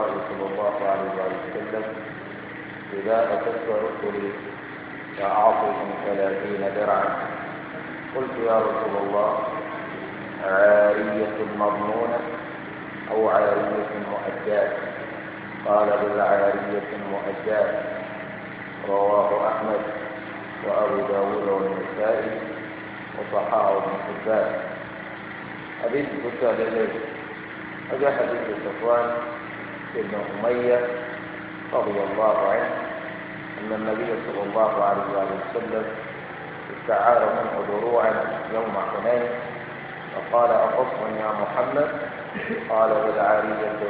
الله صلى الله عليه وسلم إذا أتت رسلي فأعطهم ثلاثين درعا قلت يا رسول الله عارية مضمونة أو عارية مؤداة قال بل عارية مؤداة رواه أحمد وأبو داود والنسائي وصححه ابن حبان حديث بكى لليل أجا حديث صفوان سيدنا أمية رضي الله عنه أن النبي صلى الله عليه وآله وسلم استعار منه دروعا يوم حنين فقال أقص يا محمد قال بالعارية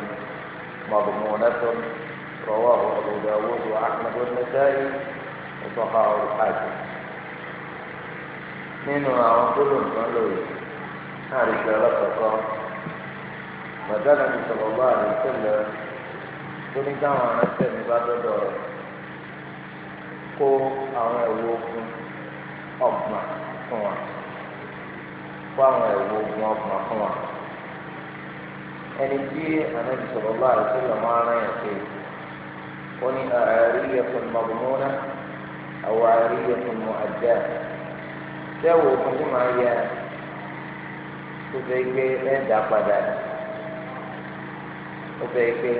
مضمونة رواه أبو داود وأحمد والنسائي وصححه الحاكم من àwọn gbólóǹkan هذه náà rí صلى الله عليه وسلم tó ní káwọn aránṣẹ́ mi bá dọ́dọ̀ rẹ̀ kó àwọn ẹ̀wù ogun ọ̀gbọ̀n fún wa kó àwọn ẹ̀wù ogun ọ̀gbọ̀n fún wa ẹni tí ànábi sọ̀rọ̀ bá àti lọ́mọ ara yẹn pé ó ní àáríyẹ fún mọ̀gbọ́nmọ́ná àwọn àáríyẹ fún mọ̀ àjẹ́ sẹ́wọ̀ ogun tí màá yẹ tó fẹ́ gbé ẹ̀dá padà ó fẹ́ gbé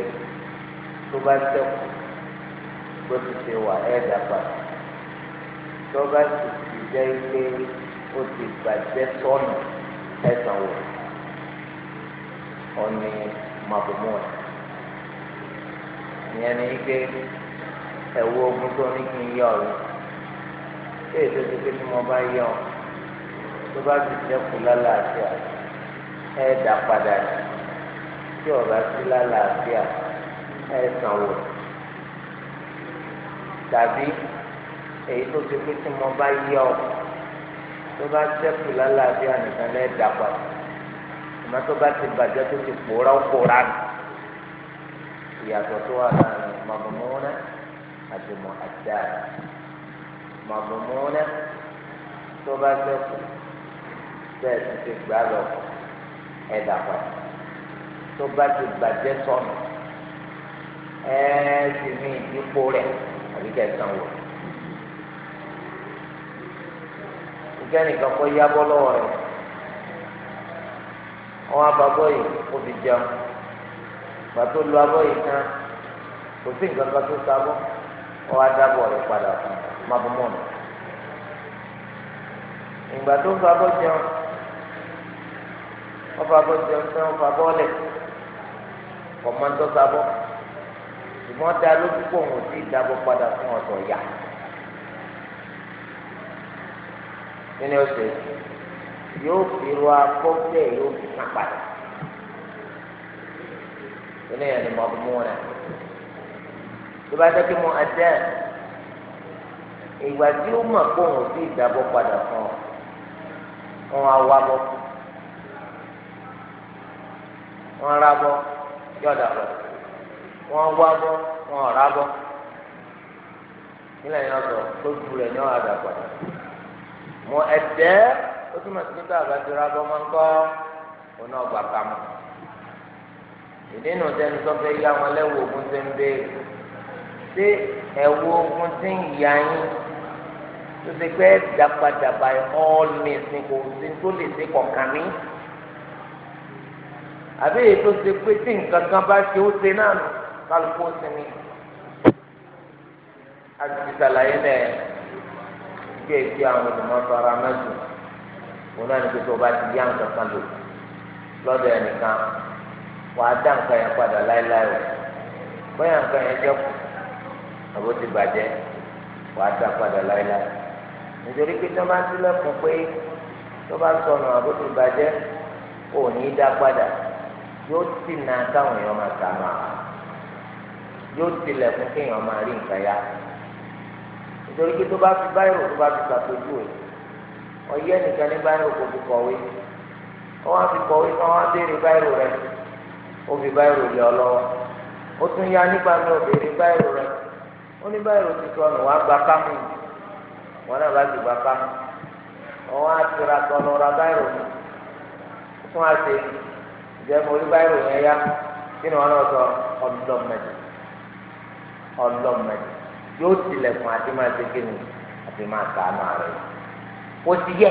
tó bá sẹ́kù bó ti ṣe wà ẹ̀ẹ́dà padà tó bá sì ti jẹ́ pé ó ti bàjẹ́ sọ́nà ẹ̀sán wò ọ̀nì màbùmọ́ ẹ̀ ìyẹn ni pé ẹ̀wọ́ ogun tó ní kí n yọ ọ̀rọ̀ ṣé èso ti pé tí mo bá yọ ọ tó bá ti sẹ́kù lálàáfíà ẹ̀ẹ́dà padà tí ọ̀rọ̀ sí lálàáfíà ẹ̀sán wò tàbí èyí tó ti pé tí mo bá yọ tó bá sẹ́kù lálàáfíà nìkan lẹ́ẹ̀dá padà ìmọ̀ tó bá ti bàjẹ́ tó ti pòórá ó pòórá nù ìyàtọ̀ tó wà láàrin màbùmọ́nà àti mọ̀ọ́dá màbùmọ́nà tó bá sẹ́kù bẹ́ẹ̀ ti ti gbà lọ ẹ̀dá padà tó bá ti bàjẹ́ sọnù ẹ sì ní ipò rẹ̀ àbí kẹsàn wò ìkẹ́nìkan kọ́ yábọ́ lọ́wọ́ rẹ̀ wọn ababọ́ yìí kó fi jẹun pàtó lu abọ́ yìí tán kò sí nǹkan kan tó sábọ́ wọn adábọ̀ rẹ̀ padà fún mabumọ́nù ìgbà tó fabọ́ jẹun wọn fabọ́ jẹun tán wọn fabọ́ lẹ̀ kọ̀mọ́ntọ́ sábọ́ ṣùgbọ́n dá lójú kó òun sí ìdábọ̀ padà fún ọ̀sọ̀ yá nínú ọ̀sẹ̀ yóò fi ro akọ́tẹ̀ yóò fi kàn padà nínú yẹn ni mo mú rẹ̀ tó bá jẹ́ kí mo ẹ̀dẹ́ ìgbà tí ó mọ̀ kó òun sí ìdábọ̀ padà fún ọ wọn á wá bọ́ wọn rà bọ́ yọ̀dà bọ́ wọ́n wá bọ́ wọ́n rà bọ́ nílẹ̀ yẹn sọ tó ju rẹ̀ yẹn àdà padà mọ ẹ̀dẹ́ ó túmọ̀ sí pípẹ́ àbájọ rà bọ́ máa ń kọ́ ọ̀nà ọgbà kàmú ìdínà sẹ́ni tó fẹ́ yá wọn lẹ́wọ̀ ogun tó ń béèrè ṣé ẹ̀wọ̀ ogun ti ń yá yín tó ṣe pé dàpadà by all means kò sí tó lè ṣe kọ̀ọ̀kan ní àbí èyí tó ṣe pé tí nǹkan kan bá ṣe ó ṣe náà nù kálukú sinmi àti sàlàyé náà kí èsì àwọn olùmọ̀tò ara mẹ́jọ wọn náà ní pé tó o bá ti yá nǹkan kan lò lọ́dọ̀ ẹnìkan wàá dá nǹkan yẹn padà láéláé o bóyá nǹkan yẹn jẹ́ kù àbó ti bàjẹ́ wàá dá padà láéláé nítorí pé tó máa ń tilẹ̀kùn pé tó bá sọnù àbó ti bàjẹ́ ò ní dá padà yóò sì nà káwọn èèyàn máa tà máa. yóò tilẹ̀ fún kéèyàn máa rí nǹkan ya nítorí pé tó bá fi báyìí tó bá fi ṣàpèjú ẹ̀ ọyẹ́ nìkan ní báyìí kò fi kọ̀wé wọ́n á fi kọ̀wé kí wọ́n béèrè báyìí ó fi báyìí lọ́wọ́ ó tún ya nígbà mi ò béèrè báyìí rẹ̀ ó ní báyìí ti sọ nù wá gba kámú wọn náà bá ti gba kámú wọ́n á tira ra báyìí mi fún àṣẹ báyìí yẹn ọlọ́mọdé yóò tilẹ̀kùn àti máa ṣe kí ni àti máa sàánú ara rẹ̀ kò sí yẹ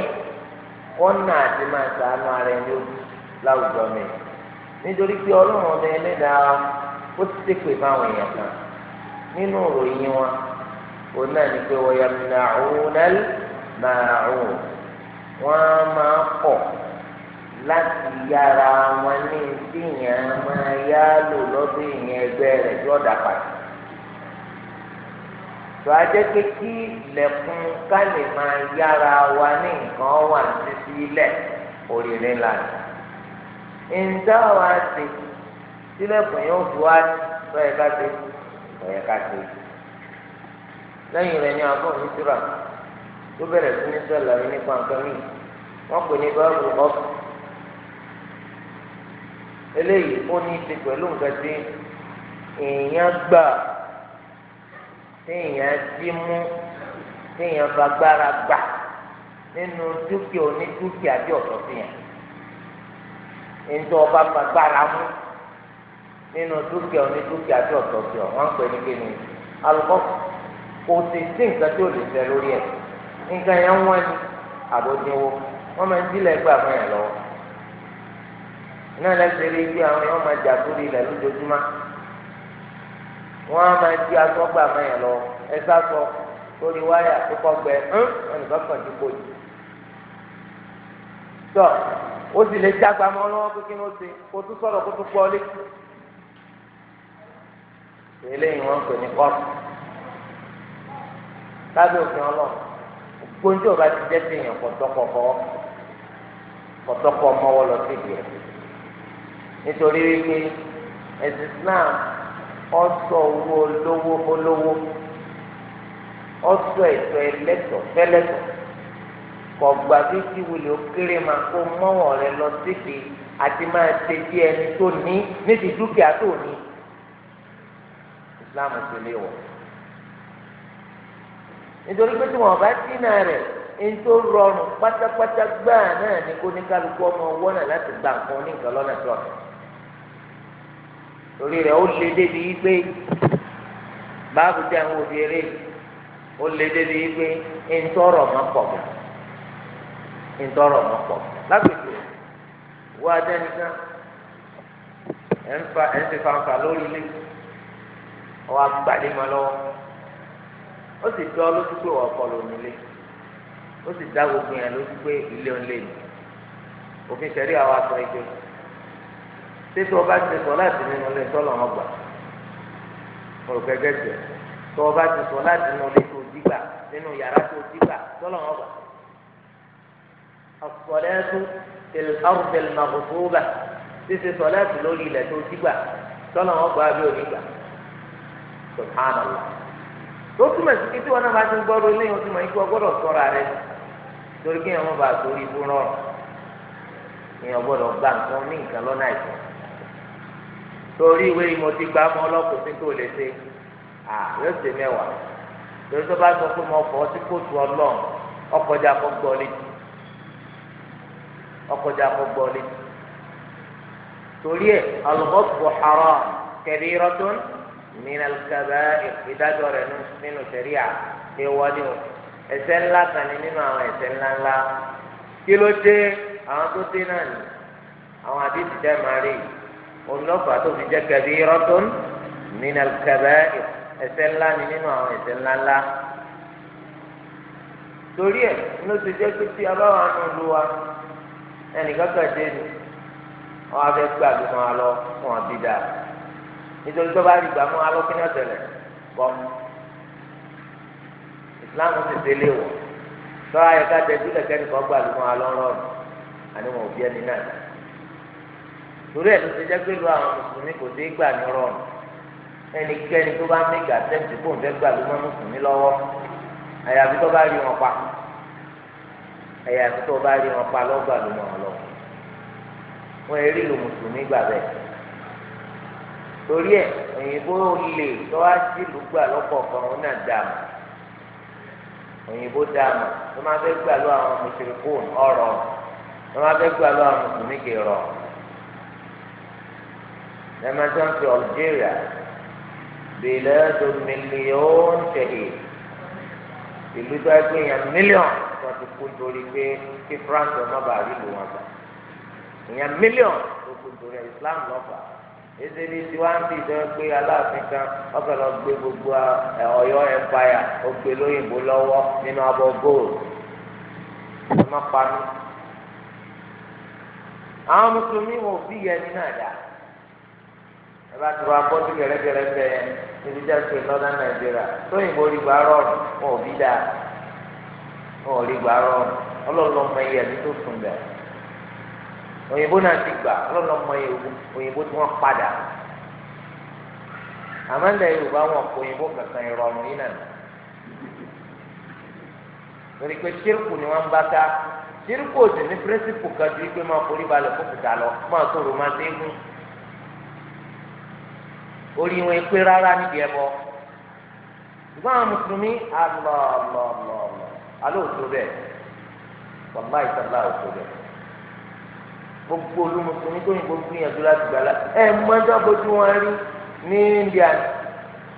ọ̀nà àti máa sàánú ara rẹ̀ lójú láwùjọ mi nítorí pé ọlọ́run ọmọ ẹlẹ́dàá ó ti ṣépè fáwọn èèyàn kan nínú ìròyìn wọn òun náà ni pé wọ́n yà mìíràn òun náà máa òun wọ́n máa kọ̀ láti yára wọn ní ìdíyàn máa yá lò lọ́dún ìyẹn ẹgbẹ́ rẹ̀ yọ̀ọ̀dà pàtó tó a jẹ́ pé kí lẹ̀kùn ká lè máa yára wa ní nǹkan wà títí lẹ̀ òrìrì lànà. ìǹtà wa ti sílẹ̀kùn yóò fi wá lọ́yẹ̀ ká ti lọ́yẹ̀ ká ti. lẹ́yìn rẹ̀ ni àbọ̀ mi síra tó bẹ̀rẹ̀ sí ní sọ̀lá yìí nípa nǹkan mi wọ́n pè ní báàbù ọ̀fù. eléyìí ó ní í ṣe nǹkan tí èèyàn gbà. téèyàn dí mú téèyàn bá gbára gbà nínú dúkìá bí ọ̀tọ̀ téèyàn ọba gbàgbára mú nínú dúkìá onídúkìá bí ọ̀tọ̀ bí ọ̀ wọ́n ń pè ní alùpùpù kò sì sí nǹkan tí ò lè fẹ́ lórí nǹkan yẹn àbójúwò máa ń wọn á máa di aṣọ gbà mẹyìn lọ ẹsẹ aṣọ lórí wáyà tó kọ gbẹ ń ẹnìkan kàn ti kó yìí tọ ó sì lè jágba mọ lọ́wọ́ pé kí ló ṣe kó tún sọ̀rọ̀ kó tún pọ létí eléyìí wọn ń pè ní kọọsì lábẹ́ òfin Ọlọ́run gbóńtì ọba ti jẹ sí èèyàn kọtọkọ fọwọ́ kọtọkọ mọ́wọ́ lọ sí ìgbìyànjú nítorí wípé ẹ̀sìn Islam ọsọ owó olówó olówó ọsọ ẹ̀tọ́ ẹlẹtọ fẹlẹtọ kọgbà fífi wulẹ òkèrè máa kó mọwọ rẹ lọ síbi àti máa ṣe bí ẹni tó ní níbi dúkìá tó ní islam ti lé wọ nítorí pé tí wọn bá dínà rẹ ètò rọrùn pátápátá gbáà náà ni kó ní kálukú ọmọ ọwọ́ náà láti gbà nǹkan oníkan lọ́nà tó ọ̀nà torí rẹ̀ ó lé débi wípé báàbù jẹ́ àwọn òbí eré ó lé débi wípé ntọ́rọ̀ mọ́ pọ̀ gan ntọ́rọ̀ mọ́ pọ̀ lágbègbè wọ́n adẹ́nìkan ẹ̀ ń fa ẹ̀ ń ti fanfa lórí ilé ọwọ́ agbàdé mọ́ lọ́wọ́ ó sì dọ́ lójú pé wọ́n kọ́ lómi ilé ó sì dá gbogbo yẹn lójú pé ilé ń lé ní òfin sẹ́rí àwọn aṣọ ẹgbẹ́ títí ọba ti sọ láti nínú ilé tọ́lọ̀ wọn gbà olùkẹ́kẹ́ tẹ̀ tó ọba ti sọ láti nínú ilé tó dìgbà nínú yàrá tó dìgbà tọ́lọ̀ wọn gbà. as-salatu fil ardil maghdubah títí sọ láti lórí ilẹ̀ tó dìgbà tọ́lọ̀ wọn gbà bí onígbà subhanallah. tó túmọ̀ sí kí tí wọn náà bá ti ń gbọ́dọ̀ ilé yẹn tó ikú ọgbọ́dọ̀ sọ̀rọ̀ rẹ̀ torí kí èèyàn má bàa torí ibú rọrùn èèyàn gbọ́dọ̀ gbà nǹkan ní nǹkan lọ́nà àìsàn torí ìwé yìí mo ti gbà mọ ọlọ́kùnrin tó lè ṣe à yóò ṣe mẹ́wàá lórí tó bá sọ pé mo fọ́ sí kóòtù ọlọ́run ọkọjà kọ gbọ́ ọkọjà kọ gbọ́ torí ẹ alùpùpù haram kabiratun min al-kaba'ir ìdájọ́ rẹ̀ nínú sẹ̀ríà ìwọ́ni o ẹ̀ṣẹ̀ ńlá kan ní nínú àwọn ẹ̀ṣẹ̀ ńlá ńlá kí ló dé àwọn tó dé náà ni àwọn àdìsí dẹ́ máa rí yìí onílọ́fà tó fi jẹ́ kabiratun minal kaba'ir ẹ̀ṣẹ̀ ńlá ni nínú àwọn ẹ̀ṣẹ̀ ńlá ńlá torí ẹ̀ ló ti jẹ́ pé tí abáwọn àánú lu wa ẹnìkan kan dé nu wọn abẹ gbà bí wọn alọ wọn àbí dà nítorí tó bá rí gbà wọn alọ kí ni ti tẹ́lẹ̀ wọ tọ́ ayẹ̀ká tẹ́jú lẹ́kẹ́ nìkan gbà wọn alọ rọrùn àni wọn ò bí ẹni náà torí ẹ̀ ló ti jẹ́ pé lu àwọn mùsùlùmí kò sí gbà ní rọrùn ẹnikẹ́ni tó bá mẹ́gà tẹ́ǹtì kó ń fẹ́ gbà ló mọ́ mùsùlùmí lọ́wọ́ àyàfi tó bá rí wọn pa àyàfi tó bá rí wọn pa lọ́gbà ló mọ́ wọn lọ wọn èrí lu mùsùlùmí gbà bẹ́ẹ̀ torí ẹ̀ òyìnbó lè tọ́wá sí lùgbà lọ́kọ̀ọ̀kan ó náà dààmú òyìnbó dààmú tó máa fẹ́ gbà lọ àwọn mùsùlùmí kò ń ọ̀rọ̀ tó máa fẹ́ gbà lọ àwọn mùsùlùmí kì í rọrùn. لما كان في ألجيريا بلاد مليون شهيد ìlú tó ẹgbẹ́ yẹn mílíọ̀n wọ́n ti kú nítorí pé kí France ọmọ bàá rí lu wọn gbà ìyẹn mílíọ̀n ló kú nítorí Islam lọ́fà èsì ní tiwa ń bìí sọ́yọ́ pé aláàfin kan ọkọ̀ lọ gbé gbogbo Ọ̀yọ́ empire ó gbé lóyìnbó lọ́wọ́ nínú abọ́ gold ọmọ panu àwọn mùsùlùmí wọn ò bí yẹn ẹ̀bá ti wá bọ́tù gẹ̀rẹ́gẹ̀rẹ́ bẹ ẹni jẹ́ pé lọ́dà nàìjíríà tóyìnbó rí gbà rọrùn wọn ò bí dáa wọn ò rí gbà rọrùn ọlọ́run ọmọ ẹ̀yẹ ẹni tó sùn bẹ̀ òyìnbó náà ti gbà ọlọ́run ọmọ ẹ̀yẹ òyìnbó tí wọ́n padà àmọ́ ńlẹ̀ yorùbá wọn kò òyìnbó kankan ìrọ̀rùn yìí náà lórí pé ṣírkù ni wọ́n bá ká ṣírkù òsì ní píríncípù kan ju ikpe máa forí balẹ̀ fún kùtà lọ orí wọn pé rárá níbi ẹbọ ṣùgbọ́n àwọn mùsùlùmí alọ́ọ̀lọ́ọ̀lọ́ alóòtú bẹ́ẹ̀ wàlá ìtàlá òtú bẹ́ẹ̀ gbogbo olùmùsùlùmí tó yìnbọn gbìyànjú láti gbà lá ẹ mọ́jọ́ bójú wọn rí ní India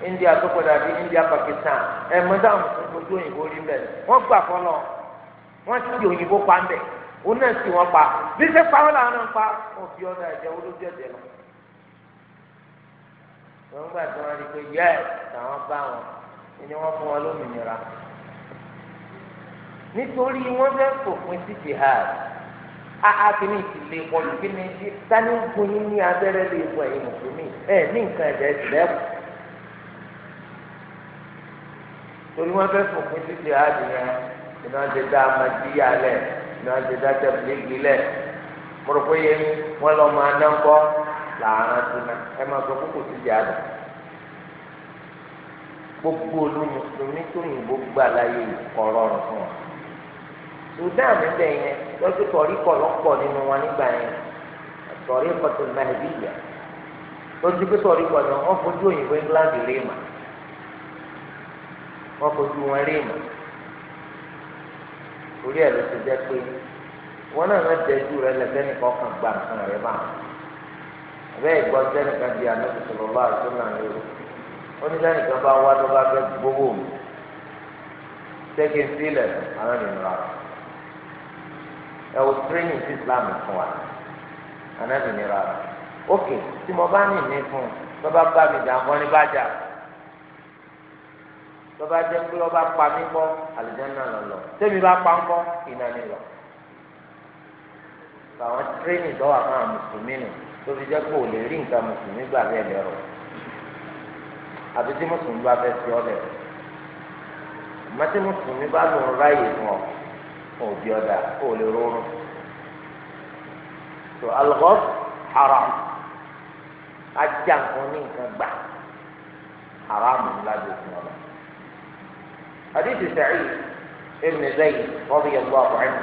India tó padà bí India Pakistan ẹ mọ́jọ́ àwọn mùsùlùmí bójú òyìnbó rí bẹ́ẹ̀ wọ́n gbà fọlọ́ wọ́n ti òyìnbó pa ń bẹ̀ òun náà sì wọ́n pa bí sẹ́ pa wọn làwọn náà ń pa wọn gbà tí wọn rí pé yẹ làwọn bá wọn ni wọn fún wọn lómìnira nítorí wọn fẹ́ fòpin sí jihad aa kìíní ìtìlẹ ìkọlù kìíní sani ń fún yín ní abẹ́rẹ́ lè fún ẹ̀yin mùsùlùmí ẹ ní nǹkan ẹ̀jẹ̀ ìtìlẹ̀ kù torí wọn fẹ́ fòpin sí jihad yẹn iná ti dá amadíyà lẹ̀ iná ti dá tẹ̀blẹ́gì lẹ̀ mọ̀rọ̀kọ́ yẹn wọn lọ́ọ́ máa ná ń kọ́ làárán ti náà ẹ máa sọ kókò sí ìyá rẹ̀ gbogbo olùmùsùlùmí tó yìnbó gbà láyé ọ̀rọ̀ rẹ̀ fún wọn. Sudan níbẹ̀ yẹn lọ́sí kọ̀ríkọ̀ lọ́pọ̀ nínú wọn nígbà yẹn sọ̀rí ìkọ̀tò Nàìjíríà lọ́sí pé kọ̀ríkọ̀ náà wọ́n fojú òyìnbó England rèémà wọ́n fojú wọn rèémà orí ẹ̀ ló ti jẹ́ pé wọ́n náà lọ́ọ́ tẹ́jú rẹ̀ lẹ́sẹ̀ nìkan kan gbà nǹkan rẹ̀ báwọn bẹ́ẹ̀ gbọ́ sẹ́nìkan di ànábì sọ̀rọ̀ bá àtúnà lérò ó ní sẹ́nìkan bá wá tó bá fẹ́ gbowó mi ṣẹ́gi sílẹ̀ àwọn ènìyàn rà ẹ wò sí Islam fún wa ànábì ní rà ókè tí mo bá ní ìní fún tó bá bá mi jà mọ́ ní bájà tó bá jẹ́ pé ọba pa mí kọ́ àlùjánnà lọ lọ tẹ́mi bá pa ń kọ́ ìnáni lọ. àwọn tírénì lọ́wọ́ àwọn mùsùlùmí nù tó fi jẹ́ pé ò lè rí nǹkan mùsùlùmí gbà bẹ́ẹ̀ lẹ́rọ àbí tí mùsùlùmí bá fẹ́ fi ọ́ lẹ̀ àmọ́ tí mùsùlùmí bá lò ń ráyè fún ọ òbí ọ̀dà ò lè rọrùn tó alghab haram ajá nǹkan ní nǹkan gbà haram ńlá fún ọ حديث سعيد ابن زيد رضي الله عنه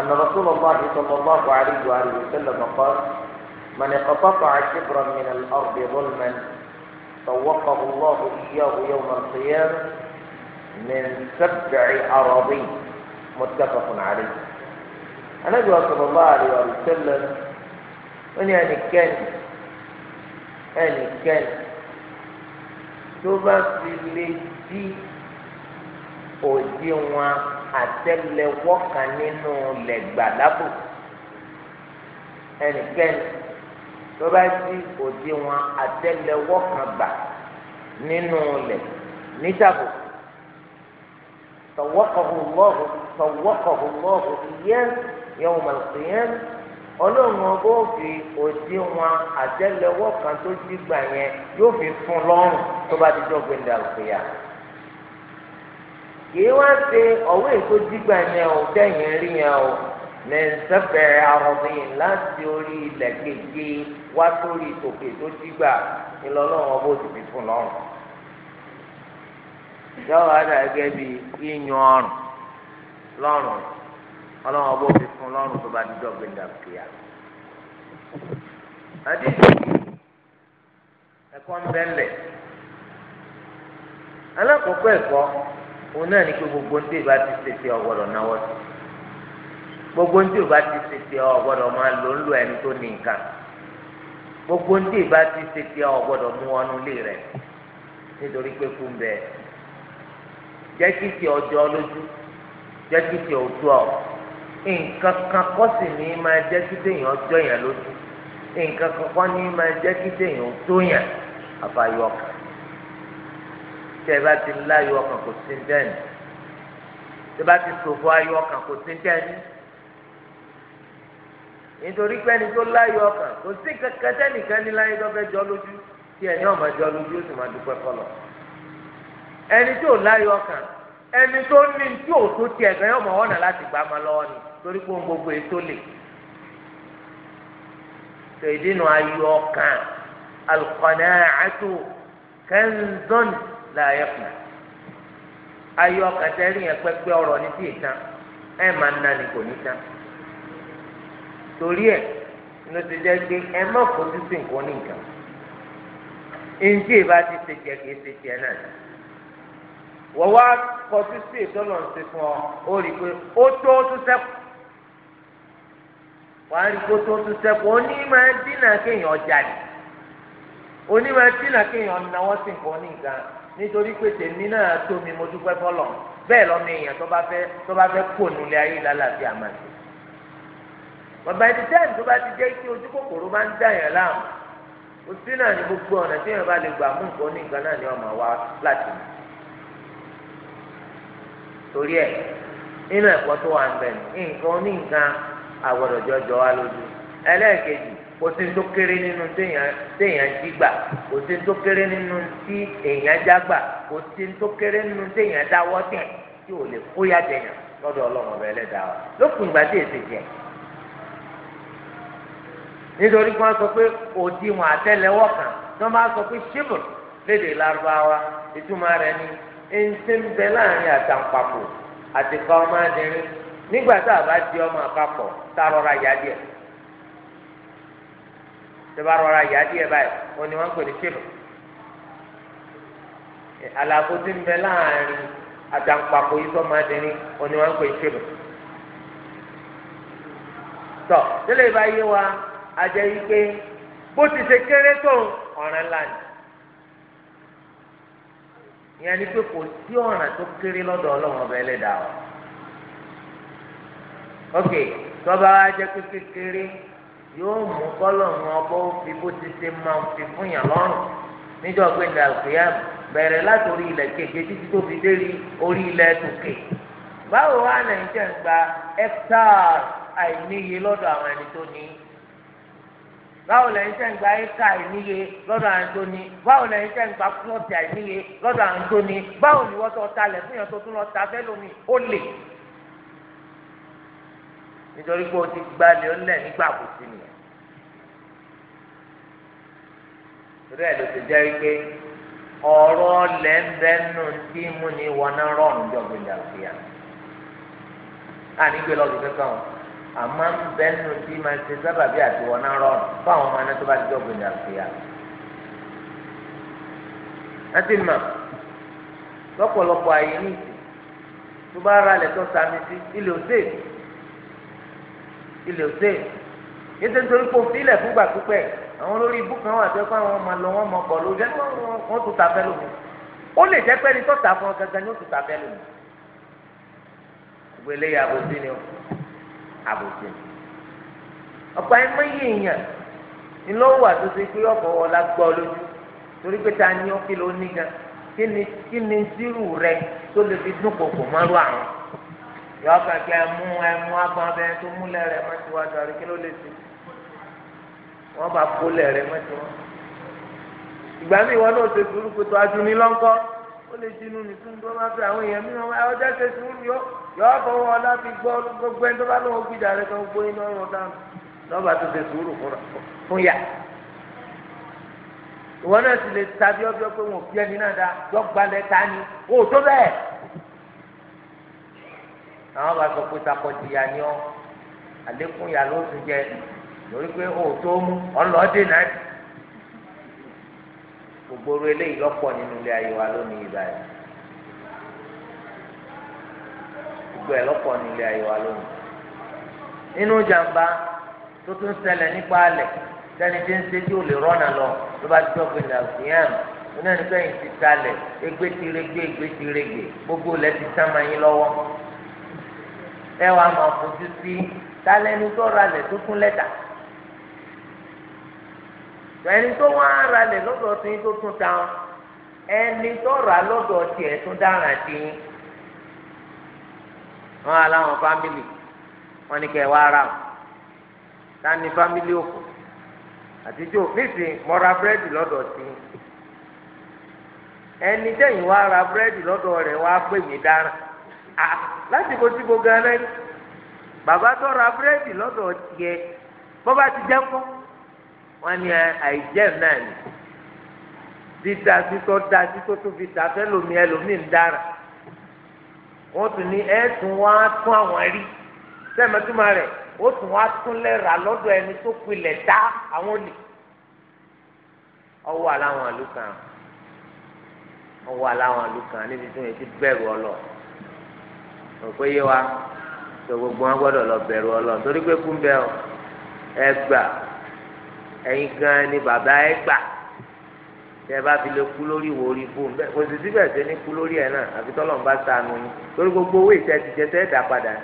أن رسول الله صلى الله عليه وآله وسلم قال من قطع شبرا من الأرض ظلما فوقه الله إياه يوم القيامة من سبع أراضي متفق عليه النبي صلى الله عليه وسلم من يعني كان يعني كان تبا في لدي òdiwọn àtẹ́lẹwọ́ kan nínú lẹgbàlábò ẹnikẹ́ni tó bá di òdiwọ̀n àtẹ́lẹwọ́ kan gbà nínú ilẹ̀ níjàbọ tọwọkọhù lọhù tọwọkọhù lọhù ìyẹn yẹn wọn sì yẹn ọlọ́run ọba òfin òdiwọ̀n àtẹ́lẹwọ́ kan tó ti gbà yẹn yóò fi fún lọ́rùn tó bá di dọ́gbìn dàgbéyà kì í wá ṣe ọ̀wé tó dígbà yẹn o dẹ́yìn rí yẹn o. من سبع أراضين láti orí ilẹ̀ keje wá sórí tòkè tó dìgbà ńlọ́lọ́run ọbọ̀ òdìbí fún lọ́rùn. yọ̀wọ́ àdá gẹ́gẹ́ bí yíyan ọrùn lọ́rùn ọlọ́run ọbọ̀ òdìbí fún lọ́rùn tó bá dídọ̀ gbẹ̀dà kìá. àdìsí ẹ̀kọ́ ń bẹ́lẹ̀ alákòókò ẹ̀kọ́ òun náà ní kí gbogbo ń dé ìbá ti ṣe ti ọ̀gbọ̀dọ̀ náwó sí i gbogbo ní tí o bá ti ṣe tiẹ ọ gbọ́dọ̀ máa lò ń lo ẹni tó ní nǹkan gbogbo ní tí o bá ti ṣe tiẹ ọ gbọ́dọ̀ mú ọnu lé rẹ nítorí pé kú ń bẹ jẹ́ kí tiẹ ọjọ́ lójú jẹ́ kí tiẹ ojú ọ nǹkan kan kọ́ sì ní máa jẹ́ kí téèyàn ọjọ́ yẹn lójú nǹkan kan kọ́ ní máa jẹ́ kí téèyàn tó yẹn àbáyọ kan tẹ́ bá ti láyọ̀ ọkàn kò sí dẹ́ni tẹ́ bá ti ṣòfò ayọ̀ ọkàn kò sí dẹ́ni nítorí pé ẹni tó láyọ̀ ọkàn kò sí kankan tẹ́nìkan ní láyé lọ́fẹ́ jọ lójú tí ẹni ọmọ jọ lójú ó sì máa dúpẹ́ kọlọ̀ ẹni tó láyọ̀ ọkàn ẹni tó ní tí ò tó tiẹ̀ gan yọmọ ọ̀nà láti gbà máa lọ́wọ́ ni torí pé ohun gbogbo ètò lè tẹ̀dínú ayọ̀ ọkàn al-qana'atu kanzun la yafna ayọ̀ ọkàn tẹ́rì yẹn pẹ́pẹ́ ọ̀rọ̀ ní tí ì tán ẹ̀ máa ń nani kò ní tán torí ẹ̀ ló ti jẹ́ pé ẹ má fojú sí nǹkan ní nǹkan ẹnjí ìbá ti ṣe jẹ kìí ṣe jẹ náà wọ́n wá kọjú sí ìtọ́nà ṣe fún ọ ó rí i pé ó tó tún sẹ́kù wàá rí i pé ó tó tún sẹ́kù oní máa dínà kéèyàn jáde oní máa dínà kéèyàn náwó sí nǹkan ní nǹkan nítorí pé tèmi náà tómi mo dúpẹ́ fọlọ́ bẹ́ẹ̀ lọ́mọ èèyàn tó bá fẹ́ tó bá fẹ́ kó nulẹ̀ ayé lálàáfíà máa ṣe bàbá ẹni tẹ́ẹ̀n tó bá ti jẹ́ kí ojú kòkòrò máa ń dà yẹn láàmú o sí náà ní gbogbo ọ̀nà tí yẹn bá lè gbà mú nǹkan ní nǹkan náà ni ọmọ wa láti mú torí ẹ nínú ẹ̀kọ́ tó wà ń bẹ̀ ní nǹkan ní nǹkan àwọ̀dọ̀jọ́jọ́ wa lójú ẹlẹ́ẹ̀kejì kò sí tó kéré nínú téèyàn jí gbà kò sí tó kéré nínú tí èèyàn já gbà kò sí tó kéré nínú téèyàn dáwọ́ tẹ̀ tí ò lè kóyà tẹ̀yàn lọ́dọ̀ ọlọ́run ọ̀bẹ ẹlẹ́dàá wa lókùn ìgbà tí èsì jẹ́ nítorí kí wọ́n sọ pé òdiwọ̀n kan tí bá sọ pé ni ń bẹ láàrin nígbà tá a bá di ọmọ àpapọ̀ tá a rọra yá díẹ̀ tí a rọra yá díẹ̀ báyìí ni pè ní àlàfo ń bẹ láàrin ni pè ní tọ́ ajẹ́ yìí pé bó ti ṣe kéré tó ọ̀ràn ńlá ni ìyẹn ni pé kò sí ọ̀ràn tó kéré lọ́dọ̀ ọlọ́run ọba ẹlẹ́dàá o ok tọ́ba wa jẹ́ pé kékeré yóò mú kọ́lọ́run ọba ó fi bó ti ṣe máa ń fi fún yàn lọ́rùn níjọ́ pé ní àlùkìyàmù bẹ̀rẹ̀ látòrí ilẹ̀ kéje títí tó fi dé orí ilẹ̀ tòkè báwo wá nàìjíríà gba hectare àìníye lọ́dọ̀ àwọn ẹni tó ní báwo lẹ́yìn tẹ́ ń gba éka àìníye lọ́dọ̀ àwọn tó ní báwo lẹ́yìn tẹ́ ń gba plọ́ọ̀tì àìníye lọ́dọ̀ àwọn báwo ni wọ́n tó ta lẹ̀ fún yàn tó tún lọ ta fẹ́ lómi ó lè. nítorí pé o ti gbalẹ̀ ó lẹ̀ nígbà kò sí nìyẹn. torí ẹ̀ ló ti jẹ́ pé ọ̀rọ̀ lẹ́ńbẹ́nu tí múni wọná rọrùn jọ̀gbìn dàgbìyà. ànígbé lọ́dún kankan àmọ́ ń bẹ́ nù tí máa ṣe sábàbí àti wọn náà rọrùn fáwọn ọmọ aná tó bá jọ gbìyànjú àfihàn. láti mọ̀ lọ́pọ̀lọpọ̀ àyè ní ìsìn tó bá ra ilẹ̀ tó sami sí ilé òsè ilé òsè yìí tó ń torí kó fílẹ̀ fúgbà pípẹ́ àwọn olórí ibú kan wà tó kó àwọn ọmọ lọ wọn mọ ọkọ̀ lójú ẹni wọn tún ta fẹ́ lómi ó lè jẹ́ pé ẹni tó ta fún ọ àbòsí ọ̀pọ̀ ẹgbẹ́ yìí yàn ni lọ́wọ́ àtúnṣe pé ọ̀pọ̀ ọ̀la gbọ́ lójú torí pé ta ni ó kí ló ní gan kí ni kí ni zírù rẹ tó lè fi dún kòkò mọ́rú àwọn yọ kàkẹ́ ẹmú ẹmú agbọn abẹ tó múlẹ̀ rẹ mọ́tò wá sọ̀rọ̀ kí ló lè ti wọ́n bá kólẹ̀ rẹ mọ́tò wọn ìgbà míì wọn náà ṣe sùúrù kótó adúní lọ́ńkọ́ ó lè dinú ní fún bí wọ́n bá fẹ́ àwọn èèyàn mìíràn wọ́n ọjọ́ ṣe sùúrù yọ yọ fọwọ́ ọlá fi gbọ́ gbogbo ẹni tó bá lọ́wọ́ gbìdá rẹ kan gbóyè lọ́rùn dànù lọ́ba tó ṣe sùúrù fún yà ìwọ náà sì lè tàbí ọbẹ̀ pé wọn fi ẹni náà dá dọ́gbalẹ̀ ta ni ó tó bẹ́ẹ̀ àwọn bá sọ pé sakọ̀jìyà ni ọ àlékún ló tún jẹ lórí pé ó tó mú ọlọ́ọ̀dẹ̀ náà gbogbo eléyìí lọ́pọ̀ nínú ilé ayé wa lónìí báyìí gbogbo ẹ̀ lọ́pọ̀ nínú ilé ayé wa lónìí nínú jàǹbá tó tún ṣẹlẹ̀ nípa alẹ̀ sẹ́ni tí ń ṣe tí ò lè rọ́nà lọ ló bá tó gbogbo lẹ́ ti sá máa yín lọ́wọ́ ẹ wàá máa fojú sí tó lẹ́tà. ẹni tó wá ara lẹ̀ lọ́dọ̀ tí tó tún ta ẹni tó rà lọ́dọ̀ tiẹ̀ tún dára sí i wọn aláwọn fámìlì wọn ni kẹ wá ra o tani fámìlì òkú àtijọ́ nísìn mo ra búrẹ́dì lọ́dọ̀ sí i ẹni tẹ̀yìn wá ra búrẹ́dì lọ́dọ̀ rẹ̀ wá pè mí dára láti bo tí bo gan lẹ́yìn bàbá tó ra búrẹ́dì lọ́dọ̀ tiẹ̀ bọ́bá ti jẹ́ kọ́ wọ́n ní eh, àìjẹ́ náà ni dídá títọ́ dá títọ́ tó fi dá fẹ́ lomi ẹlòmíì ń dára wọ́n tún ní ẹ̀ eh, tún wá tún àwọn rí sẹ́mẹ̀túmọ̀ rẹ̀ ó tún wá tún lẹ́ra lọ́dọ̀ ẹni tó pilẹ̀ dá àwọn olè ọwọ́ aláwọn àlùkàn ọwọ́ aláwọn àlùkàn níbi tí wọ́n ti bẹ̀rù ọlọ òpè yé wa tó gbogbo wọn gbọ́dọ̀ lọ bẹ̀rù ọlọ torí pé kú ń bẹ ẹ gbà ẹ̀yin gan ni bàbá ẹ gbà tẹ bá fi lè kú lórí ìwò orí fóun bẹ́ẹ̀ kò sì síbẹ̀ sí ní kú lórí ẹ̀ náà àfi tọ́lọ̀ ń bá sànù yín torí gbogbo owó ìtẹ́ ti jẹ tẹ́ẹ̀dá padà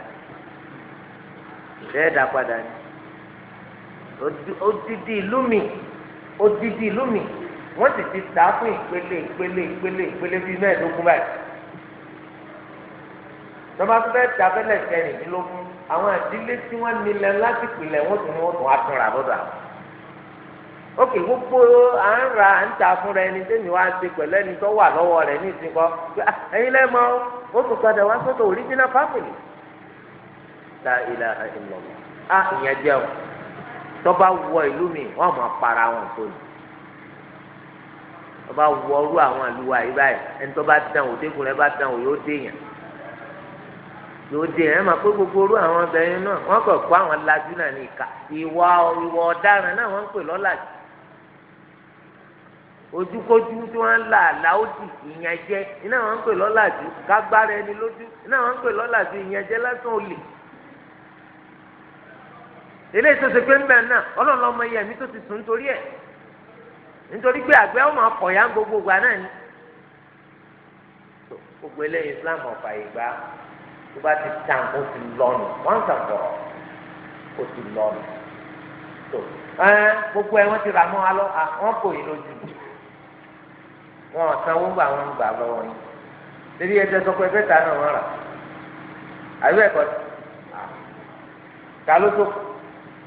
tẹ́ẹ̀dá padà ni odidi ìlú mi odidi ìlú mi wọ́n sì ti tà á fún ìpele ìpele ìpele ìpele bíi mẹ́ẹ̀ẹ́dógún báyìí tọ́ba tó fẹ́ tà fẹ́lẹ̀ kẹrìndínlógún àwọn àdílé tí wọ́n nílẹ̀ láti pìlẹ̀ wọ́n tún wọ́n tún á lọ́dọ̀ àwọn ok gbogbo à ń ra à ń ta fúnra ẹni tẹ́mi wá ṣe pẹ̀lú ẹni tó wà lọ́wọ́ rẹ̀ ní ìsìnkọ́ ah, ẹ̀yin lẹ́ mọ ó tún padà wá sọ́tọ̀ original family la ilaha illallah a ah, ìyẹn jẹun tọ́ba wọ ìlú mi wọ́n mọ̀ para wọn tó ni tọ́ba wọ ọrú àwọn àlùwà yìí báyìí ẹni tọ́ba dán o dégùn rẹ bá dán o yóò dé yẹn yóò dé yẹn máa pé gbogbo orú àwọn ọbẹ̀ yẹn náà wọ́n kọ̀ kó àwọn lajú náà ní ìka ìwà ìwà ọ̀daràn náà wọ́n ń pè lọ́làjú ojúkójú tí wọn ń là láòdì ìyànjẹ iná wọn ń pè lọ́làjú kágbára ẹni lójú iná wọn ń pè lọ́làjú ìyànjẹ lásán olè eléyìí tó ṣe pé ń bẹ̀ náà ọlọ́run ọmọ iye ẹ̀mí tó ti sùn nítorí ẹ̀ nítorí pé àgbẹ̀ ọmọ ọkọ̀yà ń gbogbo ìgbà náà ni gbogbo eléyìí Islam ọ̀fà ìgbà tó bá ti tàn ó ti lọ́nu wọ́n sàn bọ̀ ó ti lọ́nu tó ẹ gbogbo ẹ wọ́n ti rà mọ́ alọ́ àwọn kò yín lójú wọn sanwó gbà wọn gbà lọ́wọ́ yìí lórí ẹjẹ sọ pé ẹgbẹ̀ta náà wọn rà àbí ẹ̀kọ́ ta ló tó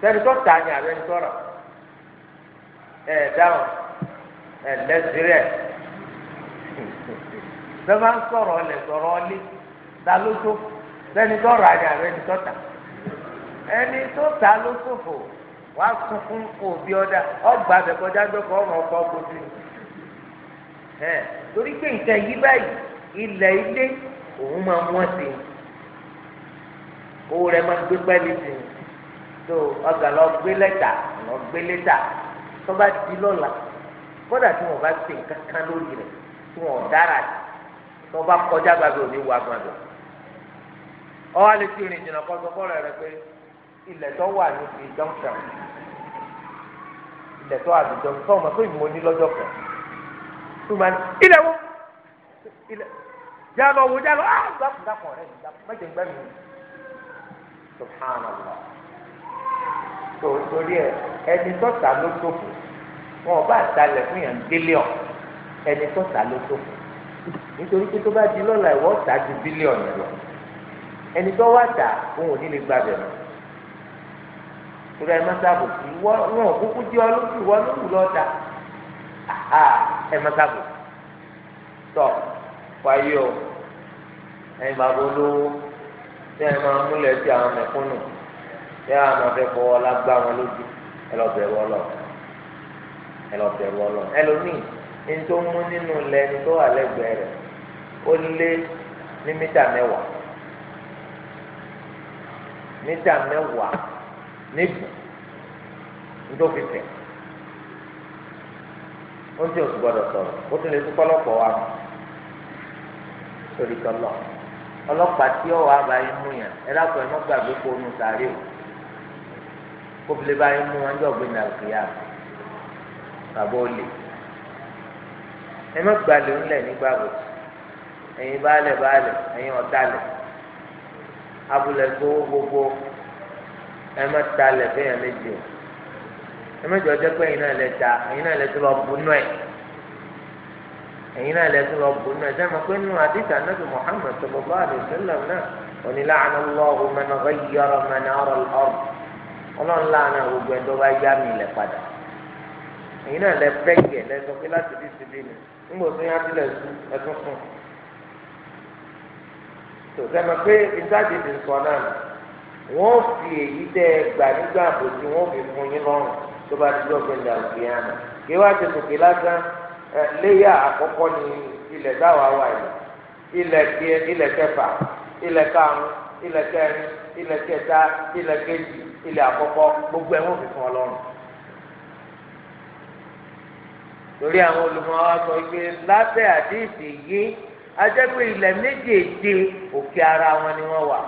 sẹni tó tà ní àbẹ ní tọrọ ẹ dáhùn ẹ lẹsìrẹ bẹ́ẹ̀ máa ń sọ̀rọ̀ ọlẹ sọ̀rọ̀ ọlẹ ta ló tó sẹni tó rà ní àbẹ ní tọta ẹni tó ta ló ṣòfò wàá sunkún òbí ọdá ọgbà bẹ kọjá gbẹkọ ọrùn ọkọ gbòdì ni torí pé nǹkan yí báyìí ilẹ̀ ilé òun máa wọ́n sí i owó rẹ̀ máa gbé pẹ́ẹ́lí sí i tó ọgà lọ gbé lẹ́tà lọ gbé lẹ́tà tó bá di lọ́la kódà tí wọ́n bá ṣe nǹkan kan lórí rẹ̀ tí wọ́n dára tí wọ́n bá kọjá gbàgbé òní wà gbàgbé ọwọ́ alẹ́ tí ìrìn jìnnà kọ́ sọ́kọ́rọ̀ rẹ pé ilẹ̀ tó wà ní ti junction ilẹ̀ tó wà ní junction ọmọ tó ìmọ̀ ní lọ́jọ́ kan túmọ̀ ní ilẹ̀ wo ilẹ̀ já lọ wo já lọ á ah! dákun dákun rẹ mẹjẹ gbẹ mi subhanallah tó torí ẹ ẹni tó ta ló sófò wọn ò bá talẹ̀ fún yàn bílíọ̀n ẹni tó ta ló sófò nítorí pé tó bá di lọ́la ìwọ́ ta ju bílíọ̀n lọ ẹni tó wá tà òun ò ní lè gba bẹ̀rẹ̀ torí ẹ má sábò sí ìwọ náà kúkú di ọ lójú ìwọ lójú lọ́ta a ẹ má sábò tọ wáyé o ẹ̀yin bàbá olówó tí ẹ máa múlẹ̀ sí àwọn mẹ̀kúnnù tí àwọn ọmọdé fọwọ́ lágbá wọn lójú ẹ lọ bẹ̀rù ọlọ ẹ lọ bẹ̀rù ọlọ ẹlòmíì ní tó mú nínú lẹni tó wà lẹ́gbẹ̀ẹ́ rẹ̀ ó lé ní mítà mẹ́wàá mítà mẹ́wàá níbù ní tó fi tẹ̀ ó ń tí oṣù gbọ́dọ̀ sọ̀rọ̀ ó tún lè tún kọlọpọ wa torí tọlọ ọlọ́pàá tí ó wà bá yín mú yàn ẹ dákọ ẹ mọgbà gbé kónú sáré o kó fi lè bá yín mú wọn jọ gbé nàìjíríà bàbá ó lè ẹ mọgbà lè ń lẹ nígbà bò ẹ̀yin baálẹ̀ abúlé gbowó gbogbo ẹ mọ talẹ fẹyàn méjì o. ẹmẹjọ ọjọ pé ẹ̀yin náà lẹ ta ẹ̀yin náà lẹ tó lọ bu nù ẹ ẹ̀yin náà lẹ tó lọ bu nù ẹ sẹ pé nù àdìsá nàbì Muhammad sallallahu alaihi wasallam náà onílà àná lọ́ọ̀hù mẹ́nà ọ̀gá yọrọ mẹ́nà ọ̀rọ̀ ọlọ́run láàánú ẹ̀dọ́ bá yá mi lẹ padà náà lẹ lẹ sọ pé láti ti ńgbò tó yá sílẹ̀ sí ẹtún fún tó bá ti dọ̀gbẹ́ ìjà òkè àná kí wá ti tòkè lásán léyà àkọ́kọ́ ni ilẹ̀ táwa wà yìí ilẹ̀ kẹ ilẹ̀ kẹfà ilẹ̀ karùn ilẹ̀ kẹrin ilẹ̀ kẹta ilẹ̀ kejì ilẹ̀ àkọ́kọ́ gbogbo ẹ̀wọ̀n fi fún ọlọ́run torí àwọn olùmọ̀ wa sọ pé lábẹ́ àdéhìsì yìí ajẹ́pẹ́ ilẹ̀ méjèèjì òkè ara wọn ni wọ́n wà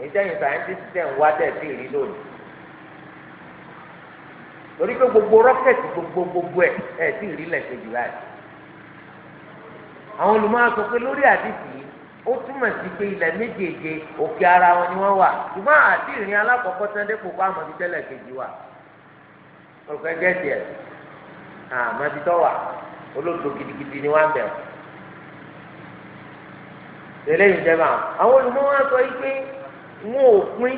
èyí sẹ́yìn sáyẹ́ntìsì tẹ̀ ń wá tẹ̀ sí ìrí lónìí torí pé gbogbo rọ́kẹ̀tì gbogbo gbogbo ẹ̀ ẹ̀ sì rí lẹ̀ kejì báyìí àwọn olùmọ̀ọ́ sọ pé lórí àdìsí ó túmọ̀ sí pé ilẹ̀ méjèèjì òkè ara wọn ni wọ́n wà ṣùgbọ́n àti ìrìn alákọ̀ọ́kọ́ tí wọ́n dé kó pa àmọ́ ti tẹ́lẹ̀ kejì wà olùkọ́ ẹgbẹ́ tiẹ̀ àmọ́ tọ́ wà olóòtú gidigidi ni wọ́n bẹ̀rẹ̀ tẹ́lẹ̀ yìí jẹ́ báwọn àwọn olùmọ̀ọ́ sọ yìí pé wọn ò pín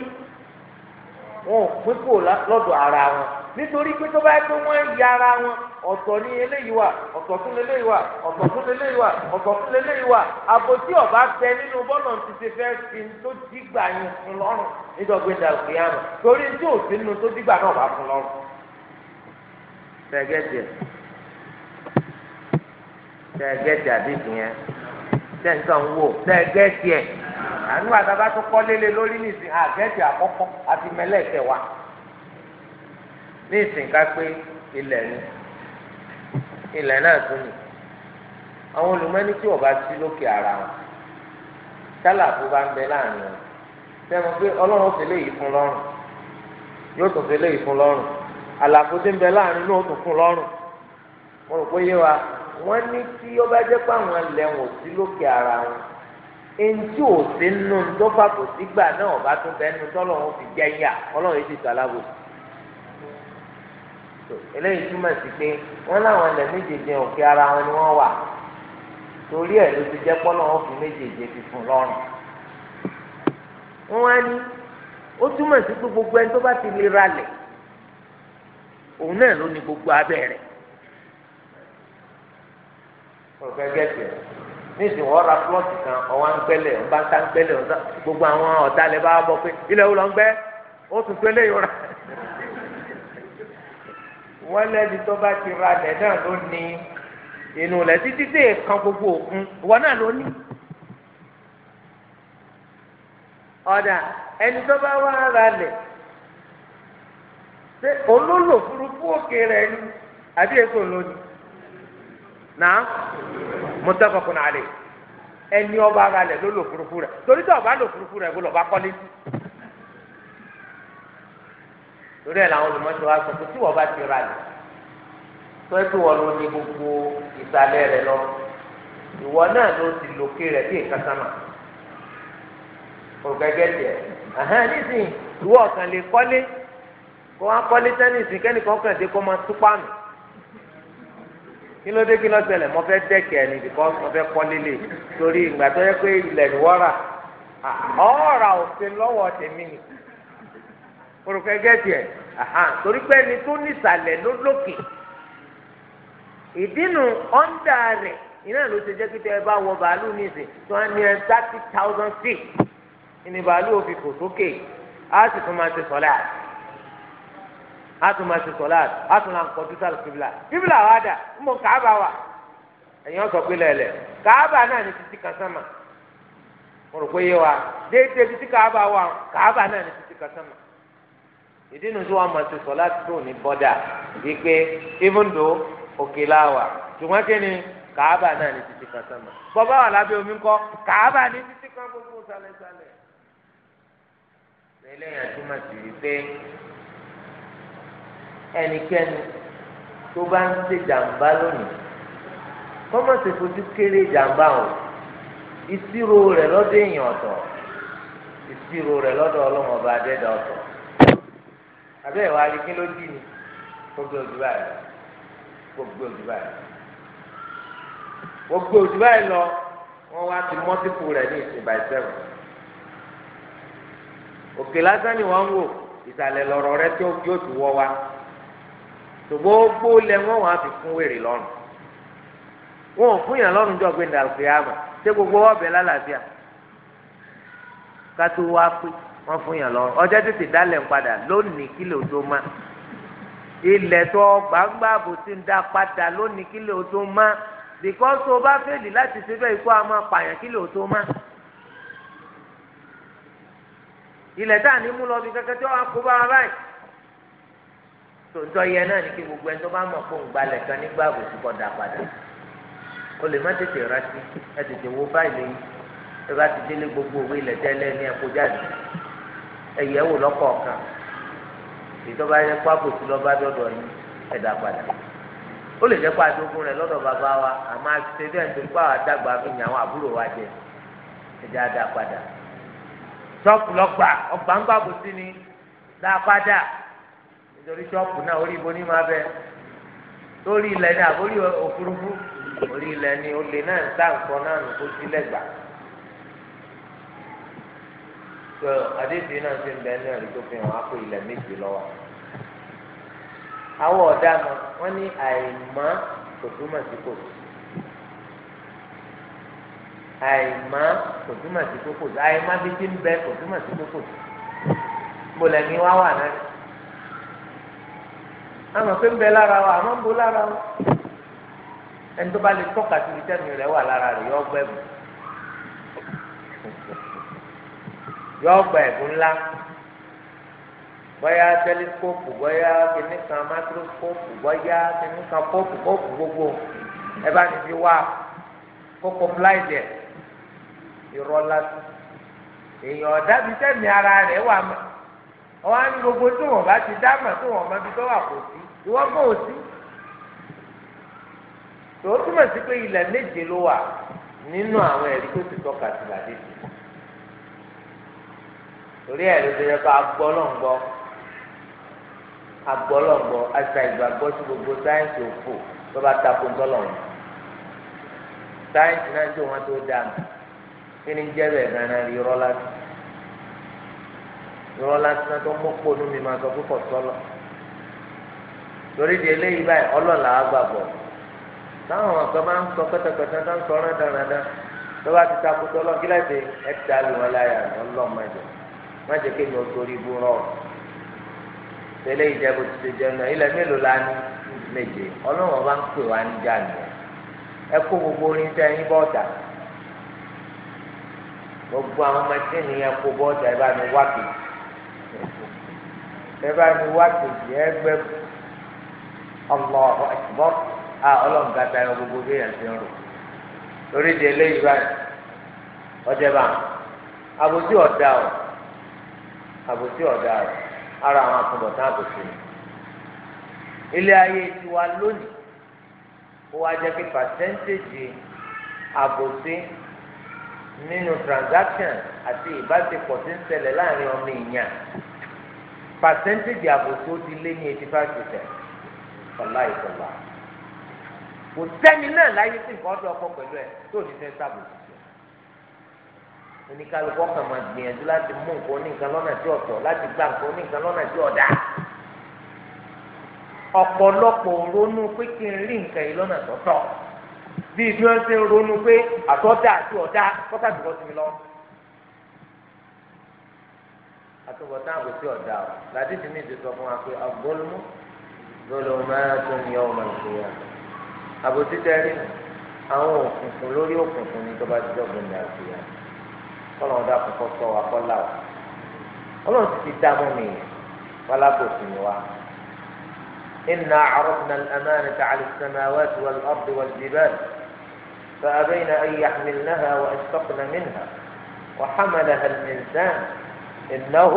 wọn ò pín kò lọ́dọ̀ ara wọn nítorí pé tó bá pé wọ́n ya ara wọn ọ̀tọ̀ ní eléyìí wà ọ̀tọ̀ tún léléyìí wà ọ̀tọ̀ tún léléyìí wà ọ̀tọ̀ tún léléyìí wà àbò tí ọba tẹ nínú bọ́ọ̀lù ti ṣe fẹ́ fi tó dìgbà yẹn fún lọ́rùn nídọ̀gbé da òkè àmà torí tí ò sí nínú tó dìgbà náà bá fún lọ́rùn. tẹ̀gẹ́tì tẹ̀gẹ́tì àdéhùn yẹn tẹ̀sán wò tẹ̀gẹ́tì ẹ̀ àníwájú abá tó kọ́ lélẹ̀ lórí nìsín àgẹ́tì àkọ́kọ́ àti mẹ́lẹ́kẹ̀ wa ní ìsìnká pé ilẹ̀ ni ilẹ̀ náà tún ni àwọn olùmọ́ni tí ọba sí lókè ara wọn tálàfó bá ń bẹ láàrin wọn sẹ́nu pé ọlọ́run fi léyìí fún lọ́rùn yóò tún fi léyìí fún lọ́rùn àlàfo tí ń bẹ láàrin náà ó tún fún lọ́rùn mo rò pé yé wa wọ́n ní tí ọba jẹ́ pé àwọn ilẹ̀ wọn ò sí lókè ara wọn eŋti ò sí nù tó fà kò sígbà náà ọba tún bẹ́ẹ̀ nù tọ́lọ́run fi jẹ́ yà ọlọ́run yìí ti tọ́ alábòsí eléyìí túmọ̀ sí pé wọ́n láwọn ilẹ̀ méjèèjì òkè ara wọn ni wọ́n wà torí ẹ̀ ló ti jẹ́ pọ́nà wọn fún méjèèjì fi fún lọ́rùn. wọ́n á ní ó túmọ̀ sí pé gbogbo ẹni tó bá ti lè ralẹ̀ òun náà ló ní gbogbo abẹ́ rẹ̀. ọ̀gá gẹ̀ẹ́sì nísìnyí wọ́n ra plọ́ọ̀tì kan ọ̀wá ń gbẹ́lẹ̀ ọ̀bá ń ta ń gbẹ́lẹ̀ gbogbo àwọn ọ̀dàlẹ̀ bá bọ̀ pé ilẹ̀ wo lọ ń gbẹ́ ó wọ́n lẹ́ni tó bá ti ra lẹ̀ náà ló ní inú lẹ̀ títí tẹ̀ kan gbogbo òkun ìwọ náà ló ní. ọ̀dà ẹni tó bá wá ra lẹ̀ ṣé olólò burúkú òkè rẹ̀ ni àbí èso lónìí náà mọ̀tàkùnkùn àlè ẹni ọba ara lẹ̀ ló burúkú rẹ̀ torí tí ọba lò burúkú rẹ̀ kó lọ́ba kọ́lé torí ẹ̀ làwọn olùmọ̀tò wa sọ pé tí wọ́n bá ti ra lẹ̀ tó ẹ́ tó wọ́n ló ní gbogbo ìsàlẹ̀ rẹ̀ lọ ìwọ náà ló ti lòkè rẹ̀ bí ìkàtàmà ògẹ́gẹ́ tiẹ̀ ẹ̀hẹ́n nísìnyí ìwọ ọ̀kan lè kọ́lé kó wá kọ́lé tẹ́nìsì kẹ́nìkan kàn dé kó máa túpá nù kí ló dé kí ló ṣẹlẹ̀ mo fẹ́ dẹ́kẹ̀ ẹ̀ ní because mo fẹ́ kọ́lé lè torí ìgbà tó yẹ pé ilẹ̀ ni wọ́n rà ọ̀ọ́ra òfin lọ́wọ́ tèmi nìkan. orúkọ ẹgẹ tiẹ torí pé ẹni tó nísàlẹ̀ ló lókè ìdínú ọ̀ndà rẹ̀ iná ló ṣe jẹ́ kí tẹ́ ẹ bá wọ bàálù nísìn tí wọ́n ní ẹ thirty thousand feet ìní bàálù òfin kò sókè á sì tún máa ṣe sọ́lá á tún máa ṣe sọ́lá á tún máa wa dà ń bọ̀ kaaba wa ẹ̀yin ọ̀sọ̀ pé lẹ́lẹ̀ káàbà náà ní títí kan sánmà mo rò pé yé wa déédéé títí ìdí nu tí wọ́n mọ̀ sí sọ tó ní bọ́dà wípé even though òkè láwà ṣùgbọ́n kí ni kàábà náà ní títí kan sánmà bọ́bá wà lábẹ́ omi ńkọ́ kàábà ní títí kan gbogbo sálẹ̀sálẹ̀. eléyàn túmọ̀ sí wípé ẹnikẹ́ni tó bá ń ṣe jàǹbá lónìí kọ́mọ̀ sì fojú kéré jàǹbá o ìṣirò rẹ̀ lọ́dọ̀ èèyàn ọ̀tọ̀ ìṣirò rẹ̀ lọ́dọ̀ ọlọ́mọba adẹ́dà ọ̀tọ̀ abẹ́ ìwà rí kí ló dì ní gbogbo lọ gbogbo òdì báyìí lọ gbogbo òdì báyìí lọ wá ti mọ́tìpù rẹ̀ ní ìsìn by seven òkè lásán ni wọ́n ń wò ìsàlẹ̀ lọ̀rọ̀ rẹ tí yóò wọ́ wa gbó lẹ wọ́n wàá fi fún wèrè wọn wọ́n fún yàn lọ́rùn ọjọ́ tètè dálẹ̀ ń padà lónìí kílò tó má ilẹ̀ tó gbàgbà bò ti ń dá padà lónìí kílò tó má bìkọ́sì o bá fèlì láti ṣe bẹ́ẹ̀ ikú àwọn apààyàn kílò tó má ilẹ̀ tá à ní mú lọ bí kẹ́kẹ́ tí wọ́n á kó bá wa báyìí tòótọ́ yẹ náà ní kí gbogbo ẹni tó bá mọ̀ fún gbalẹ̀ kan nígbà bò ti kọ́ da padà o lè má tètè rántí ẹ tètè wo báyìí lẹ́yìn ẹ bá ti délé gbogbo òwe ilẹ̀ tẹ́lẹ̀ ní ẹ̀kọ́ jáde. ẹ̀yẹ́ wò lọ́kọ̀ọ̀kan ìjọba yẹ kó àbòsí lọ́ba dọ́dọ̀ yín ẹ̀dá padà ó lè jẹ́ pé àdógún rẹ̀ lọ́dọ̀ bàbá wa àmọ́ àti bẹ́ẹ̀ tó kó àwọn fi yàn àwọn àbúrò wa jẹ ẹ̀dá dá padà ọgbà ń ni dá padà nítorí náà orí ibo ní máa bẹ lórí ilẹ̀ tó àdéhùn náà ti ń bẹ náà rí tó fi hàn ápò ilẹ̀ méjì lọ́wọ́ àwọn ọ̀daràn wọ́n ní àìmọ́ kò túmọ̀ sí kò sí àìmọ́ kò túmọ̀ sí kò sí àìmọ́ bí ti ń bẹ kò túmọ̀ sí kò sí mo lẹ́ni wá wà náà àmọ̀ pé ń bẹ lára wa àmọ́ ń bo lára wa ẹni tó bá lè tọ́ka sí tẹ́mi rẹ̀ wà lára rẹ̀ yọ ọgbẹ́ mu yọ ọgbà ẹ̀bùn ńlá bọ́yá tẹlifóòpù bọ́yá kìnnìkan mákírófóòpù bọ́yá kìnnìkan fóòpù fóòpù gbogbo ẹ bá níbi wá kókó fúláìdì ẹ̀ irọ́ lásán èèyàn ọ̀dà bíi sẹ́mi ara rẹ̀ wà mọ́ ọ̀hún á ní gbogbo tí wọ́n bá ti dá mọ̀ tí wọ́n mọ ibi tó wà kò sí ìwọ́n kò sí tòótúmọ̀ sí pé ilẹ̀ méje ló wà nínú àwọn ẹ̀rí tó ti tọ́ka sí làdé sí torí ẹ̀ ló ti yẹ kó agbọ́ lọ́n gbọ́ agbọ́ lọ́n gbọ́ àṣà ìgbàgbọ́ sí gbogbo sáyẹ́ǹsì òfò tó bá takò ń tọ́lọ̀ wọn sáyẹ́ǹsì náà tó wọn tó dànù kí ni jẹ́ bẹ́ẹ̀ gan-an rí irọ́ lásán irọ́ lásán tó mú kponu mi máa sọ púpọ̀ sọ́lọ̀ torí di eléyìí báyìí ọlọ́ọ̀lá agbàgbọ́ táwọn ọ̀kan bá ń sọ pẹ́tẹ́pẹ́tẹ́ tó ń sọ rádaràdà tó bá ti takò tọ́lọ́ kí láti ẹ̀ ta lù wọn láyà ọlọ́ọ̀ máa jẹ́ má jẹ́ kémi ó torí ibú rọ tẹ́lẹ̀ ìjẹbù ti ṣe jẹun náà ilẹ̀ mélòó la ní méje ọlọ́run ọba ń pè wá níjà nìyẹn ẹ kó gbogbo orin tẹ ẹyin bọ́ọ̀dà gbogbo àwọn mẹtíìnì yẹn kó bọ́ọ̀dà ẹ bá mi wá kejì ẹ bá mi wá kejì ẹ gbẹ ọlọ́ọ̀ ẹ̀tùbọ́ à ọlọ́run gàtà ẹ gbogbo bí ẹ̀ ti ń rò lórí ìdí eléyìí báyìí ọjọ́ àbójú ọ̀dà ọ̀ àbòsí ọ̀dà rẹ̀ ara àwọn àtúbọ̀tán àbòsí ni. ilé ayé tiwa lónìí ó wá jẹ́ pé pàṣẹ́ntéèjì àbòsí nínú transaction àti ìbáṣepọ̀ tí ń ṣẹlẹ̀ láàrin ọmọ èèyàn pàṣẹ́ntéèjì àbòsí ó ti lé ní eighty five percent ọ̀la ìjọba kò sẹ́ni náà láyé sí nǹkan ọdún ọkọ pẹ̀lú ẹ̀ tó ní fẹ́ sábòsí oníkálukọ́ kan máa gbìyànjú láti mú nǹkan oníkan lọ́nà tí ọ̀tọ̀ láti gba nǹkan oníkan lọ́nà tí ọ̀dà ọ̀pọ̀lọpọ̀ ronú pé kí n rí nǹkan yìí lọ́nà tọ̀tọ̀ bí ibi wọn ṣe ń ronú pé àtọ́dá àti ọ̀dá kọ́tà tó kọ́ sí mi lọ. àtúbọ̀tán àbò sí ọ̀dá o làdí ní ìdí sọ fún wa pé agbólúmú lọ́lọ́ máa tún ní ọmọ ìṣòyà àbòsí tẹ́rí àwọn òkùnkùn lórí òkùnkùn ní tọ́ba jíjọ́ gbòǹdà àṣeyà. kọ́nà ọ̀dà kọ̀kọ́ sọ wa kọ́lá o ọlọ́run ti ti dáàbò mi yẹn wàlá kò sí ni wa. إنا عرضنا الأمانة على السماوات والأرض والجبال فأبين أن يحملنها وأشفقن منها وحملها الإنسان إنه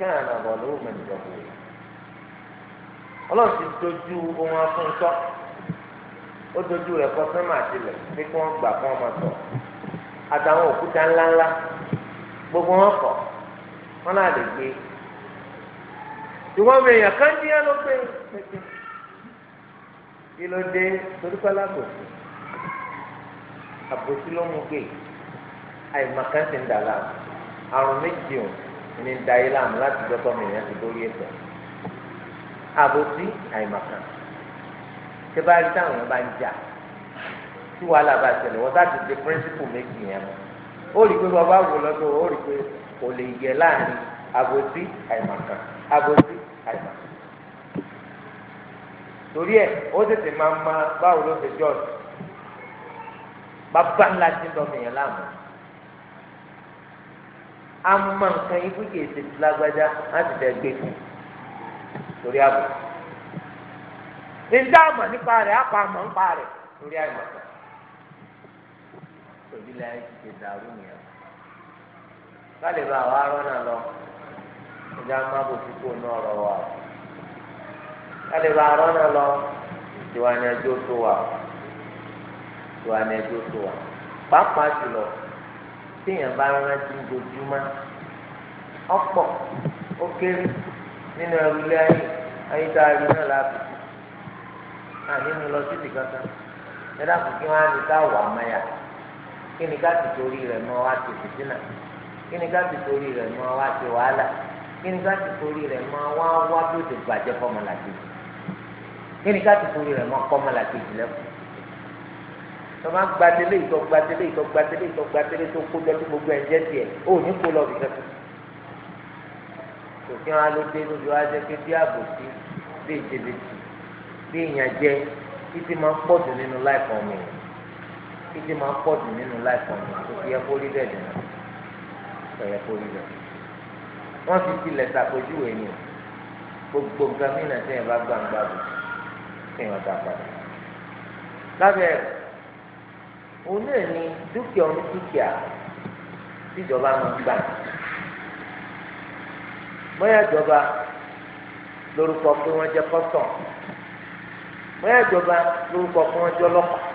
كان ظلوما جهولا ọlọ́run ti dojú ohun afúnṣọ́ ó dojú rẹ̀ kọ́ sẹ́mà sílẹ̀ pé kí wọ́n gbà kí wọ́n máa sọ̀rọ̀. àtàwọn òkúta ńláńlá gbogbo wọn kọ wọn náà lè gbé ṣùgbọ́n mi èèyàn kan díẹ̀ ló kí ló dé torí pẹ́lá àbòsí ló mú gbé àìmọ̀kan ń dà àrùn méjì ò ní da yìí láàmú láti dọ́tọ́ mi èèyàn ti dórí ẹ̀sẹ̀ àbòsí àìmọ̀kan ṣé bá táwọn èèyàn bá ń jà tí wàhálà bá ṣẹlẹ̀ wọ́n sá ti di píríncípù méjì yẹn mọ́ ó rí i pé bàbá wò lọ́dọ̀ ó rí i pé kò lè yẹ láàrin àbòsí àìmọ̀kan àbòsí àìmọ̀kan torí ẹ ó tètè máa ma báwo ló ṣe jọ́ọ̀sì bàbá ńlá ti ń dọ̀mọ̀ yẹn láàmú a mọ nǹkan ikú kìí ṣe ti lágbájá láti tẹ gbé fún torí àbò nígbà àmọ̀ nípa rẹ̀ àpamọ̀ nípa rẹ̀ torí àìmọ̀kan. òbílẹ̀ ayé ti ṣe dàrú nìyẹn kálí bá wa rọ́nà lọ ìjà má bò sí kó náà rọ wa kálí bá rọ́nà lọ ìwà ni tó wà ìwà ni tó wà pàápàá jùlọ téèyàn bá ó kéré nínú ilé ayé ayé tá kí ni ká ti torí rẹ̀ mọ́ wá ti fìtínà kí ni ká ti torí rẹ̀ mọ́ wá ti wàhálà kí ni ká ti torí rẹ̀ mọ́ wá wá bí ó ti bàjẹ́ fọmọlàkejì kí ni ká ti torí rẹ̀ mọ́ kọ́mọlàkejì lẹ́kọ̀ọ́ tọ́ba gbadele ìtọ́ gbadele ìtọ́ gbadele ìtọ́ gbadele tó kó lọ sí gbogbo ẹ̀jẹ̀ tiẹ̀ ó ní kó lọ bìkan tó. òfin wa ló dé lójú wa pé bí àbòsí bí ìjẹ̀bẹ̀tì bí ìyànjẹ títí máa ń pọ̀jù nínú láìpọ̀ ọmọ kíkí máa pọ̀ jù nínú láìpọ̀ ní àkókò yẹ kó rí bẹ́ẹ̀ dùn kò yẹ kó rí bẹ́ẹ̀. wọ́n ti tilẹ̀ ṣàpèjúwe ni gbogbo nǹkan mìíràn tí yẹn bá gbàǹgbà bò tí yẹn bá padà. lábẹ́ òun náà ni dúkìá onídúkìá tíjọba máa ń gbà. bóyá ìjọba lórúkọ pé wọ́n jẹ́ kọ́tọ̀ bóyá ìjọba lórúkọ pé wọ́n jẹ́ ọlọ́pàá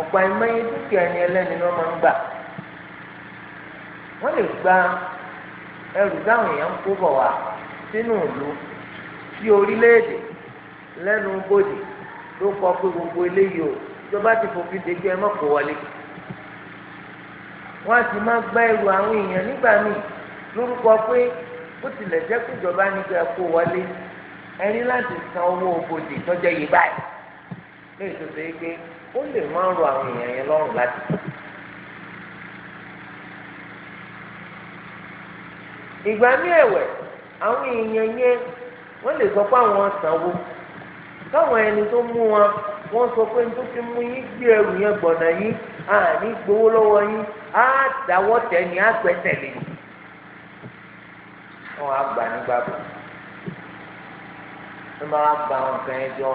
ọ̀pọ̀ àìmọye dúkìá ni ẹlẹ́ni ni wọ́n máa ń gbà wọ́n lè gba ẹrù táwọn èèyàn ń kó bọ̀ wá sínú ìlú sí orílẹ̀-èdè lẹ́nu bòdì ló kọ pé gbogbo eléyìí o ìjọba ti fòfin de kí ẹ má kó wọlé wọ́n á sì máa gba ẹrù àwọn èèyàn nígbà míì lórúkọ pé ó tilẹ̀ jẹ́ pé ìjọba ní kó wọlé ẹni láti san owó bòdì tọ́jọ́ yìí báyìí lóòótọ́ ó lè má rọ àwọn èèyàn yẹn lọ́rùn láti sọ. ìgbà mí ẹ̀wẹ̀ àwọn èèyàn yẹn wọ́n lè sọ pé àwọn sanwó káwọn ẹni tó mú wọn wọ́n sọ pé tó fi mú yín gbé ẹrù yẹn gbọ̀nà yín àní gbowó lọ́wọ́ yín á dáwọ́ tẹ̀ ní á gbà nígbà bọ̀ máa gba nǹkan ẹjọ́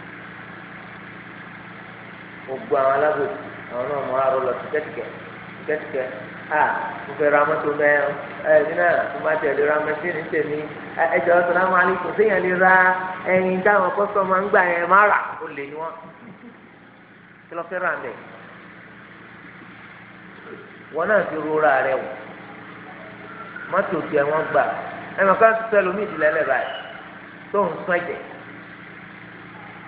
gbogbo àwọn alábòsí àwọn náà mọ àrò lọ sí kẹtìkẹ a mo ra mọ́tò mẹ ẹ ẹ nínú àti má tẹ̀lé ra mẹ́sìnì tèmi ẹ jọ sàlámù lè ra ẹyin táwọn kọ́sọ́mọ ń gbà yẹn má rà ó lè ní wọn kí ló fẹ́ rà wọn náà ti rẹ wò gbà ìdílé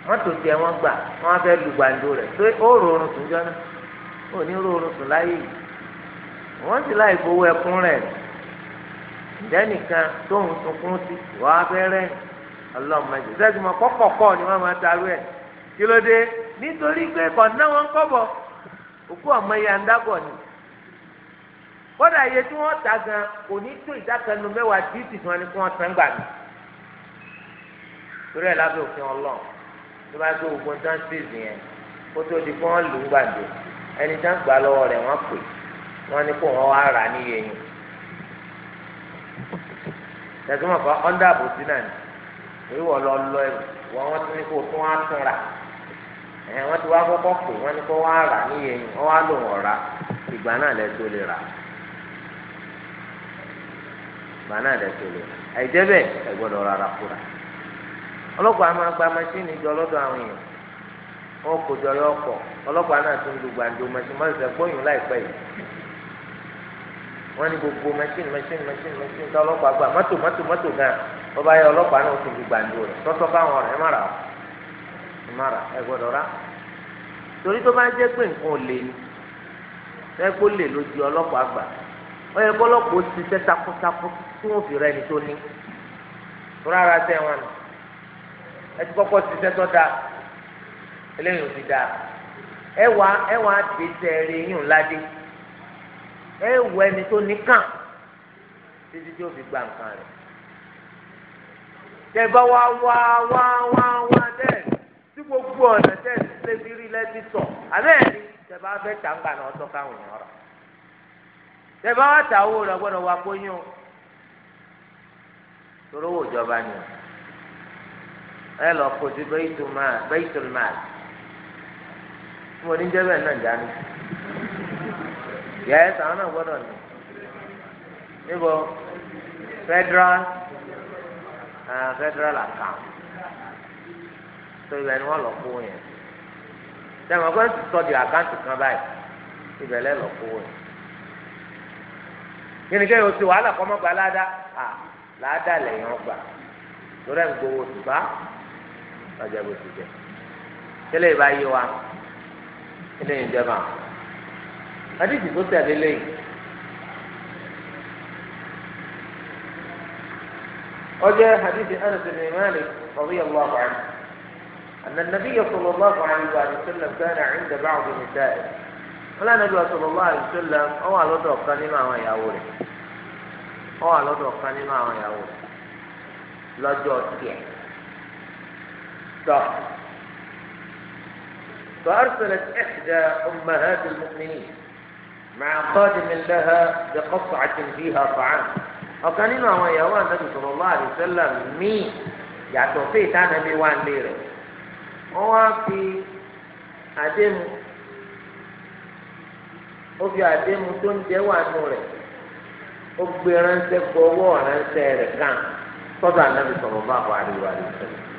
mọ́tò tiẹ̀ wọ́n gbà wọ́n fẹ́ lu gbàǹdo rẹ̀ pé ó rọrùn sùn jọ́nà ó ní rọrùn sùn láyé yìí wọ́n sì láì fowó ẹkún rẹ̀ ìdẹ́nìkan tóun sunkún sí wàá fẹ́ rẹ̀ ọlọ́mọdé sẹ́sì mọ́ ni wọ́n máa tarú ẹ̀ kí ló dé nítorí pé kọ̀ǹdà wọn kọ́bọ̀ òkú ọmọ ya ń dábọ̀ ni kódà iye tí wọ́n ta gan kò ní tó ìdákanu mẹ́wàá díìtì tí wọ́n ní kí wọ́n san gbà mí torí ẹ̀ lábẹ́ òfin ọlọ́run tó bá gbé gbogbo chances yẹn kó tó di kó wọn lù ú gbàdé ẹni tá ń gbà lọ́wọ́ rẹ̀ wọ́n pè wọ́n ní kó wọ́n wá rà níye yìí tẹ̀síwọ̀n kan ọ́ndà àbòsí náà ni èyí wọ́n lọ lọ ẹ̀rù wọ́n wọ́n ti ní kó tún wá tún rà ẹ̀ wọ́n ti wá kọ́kọ́ pè wọ́n ní kó wá rà níye yìí wọ́n wá lò wọ́n rà ìgbà náà lẹ́ tó lè rà ìgbà náà lẹ́ tó lè rà àìjẹ́ bẹ́ẹ̀ ẹ̀ gbọ́dọ̀ rárá kúrà. ọlọ́pàá máa gba machine jọ lọ́dọ̀ àwọn èèyàn wọn kò jọ yọ ọkọ̀ ọlọ́pàá náà tún lu gbàǹjo mẹsìnì máa ṣe gbóyún láìpẹ́ yìí gbogbo mẹsìnì mẹsìnì mẹsìnì mẹsìnì tó ọlọ́pàá gbà mọ́tò mọ́tò mọ́tò gan wọ́n bá yẹ ọlọ́pàá náà tún lu rẹ̀ tọ́tọ́ fáwọn ọ̀rẹ́ torí tó bá jẹ́ pé nǹkan ní lè ló di ọlọ́pàá gbà ó yẹ ó ti takuntakun tí wọ́n ẹ ti kọ́kọ́ ti sẹ́tọ́ da eléyìí ò ti da ẹ wá ẹ wá ti sẹ́ẹ̀rì yín ládé ẹ wọ ẹni tó níkàn títí tí ó fi gba nǹkan rẹ̀ tẹ bá wá wá wá wá wá dẹ́ tí gbogbo ọ̀nà tẹ́ lébi rí lẹ́bi sọ àbẹ́ẹ̀ni tẹ bá fẹ́ tà ń gbà náà tọ́ káwọn èèyàn rà tẹ bá wá tà owó rẹ̀ gbọ́dọ̀ wá gbóyún torówó ìjọba ni o ẹ lọ kó sí bẹ́ẹ̀tùl máàlì tí mo ní jẹ́ bẹ́ẹ̀ náà jáde yẹ ẹ sàwọn náà gbọ́dọ̀ ní níbo federal uh, federal account tó ibẹ̀ ni wọ́n lọ kó yẹn tẹ̀wọ̀n kó sọ di àkáǹtì kan báyìí ibẹ̀ lẹ́ lọ kó yẹn kí ni kẹ́hìn o ti wàhálà kọ́mọ́gba ládàá ládàá lẹ́yìn ọgbà lórí ẹ̀ ń gbowó tùbá. ọjà bó ti jẹ tẹ́lẹ̀ ìbá yé wa eléyìí jẹba àdìsí tó tẹ̀lé lẹ́yìn ọjọ́ àdìsí Anas bin Malik radiyallahu anhu أن النبي صلى الله عليه وسلم كان عند بعض نسائه ولا نبي صلى الله عليه وسلم أو على وضع كلمة ويأوله أو على وضع كلمة ويأوله لا شهر فأرسلت إحدى أمهات المؤمنين مع قادم لها بقطعة فيها طعام وكان إنه هو يوان النبي صلى الله عليه وسلم مي يعني توفيت أنا بيوان ليرة هو في أدم هو أدم تون ديوان نورة أكبر أنت بوان أنت ركان صدى النبي صلى الله عليه وسلم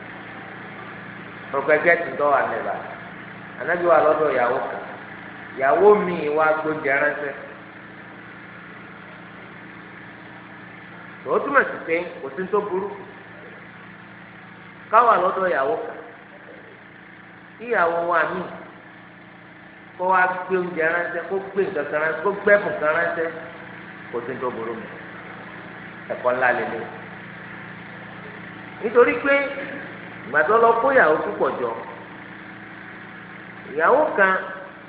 pọ̀gbẹ́jẹ́ ti dọ́ wà níbà anabi wà lọ́dọ̀ ìyàwó kan ìyàwó mi wá gbóúnjẹ ránṣẹ́ tòótú mà sí pé kò sí tó burú káwà lọ́dọ̀ ìyàwó kan ìyàwó wa mí kó wá gbé oúnjẹ ránṣẹ́ kó gbé nǹkan kan ránṣẹ́ kó gbẹ́bùn kan ránṣẹ́ kò sí tó burú mi ẹ̀kọ́ ńlá lélẹ̀ nítorí pé gbàdọ́ lọ kó ìyàwó púpọ̀ jọ ìyàwó kan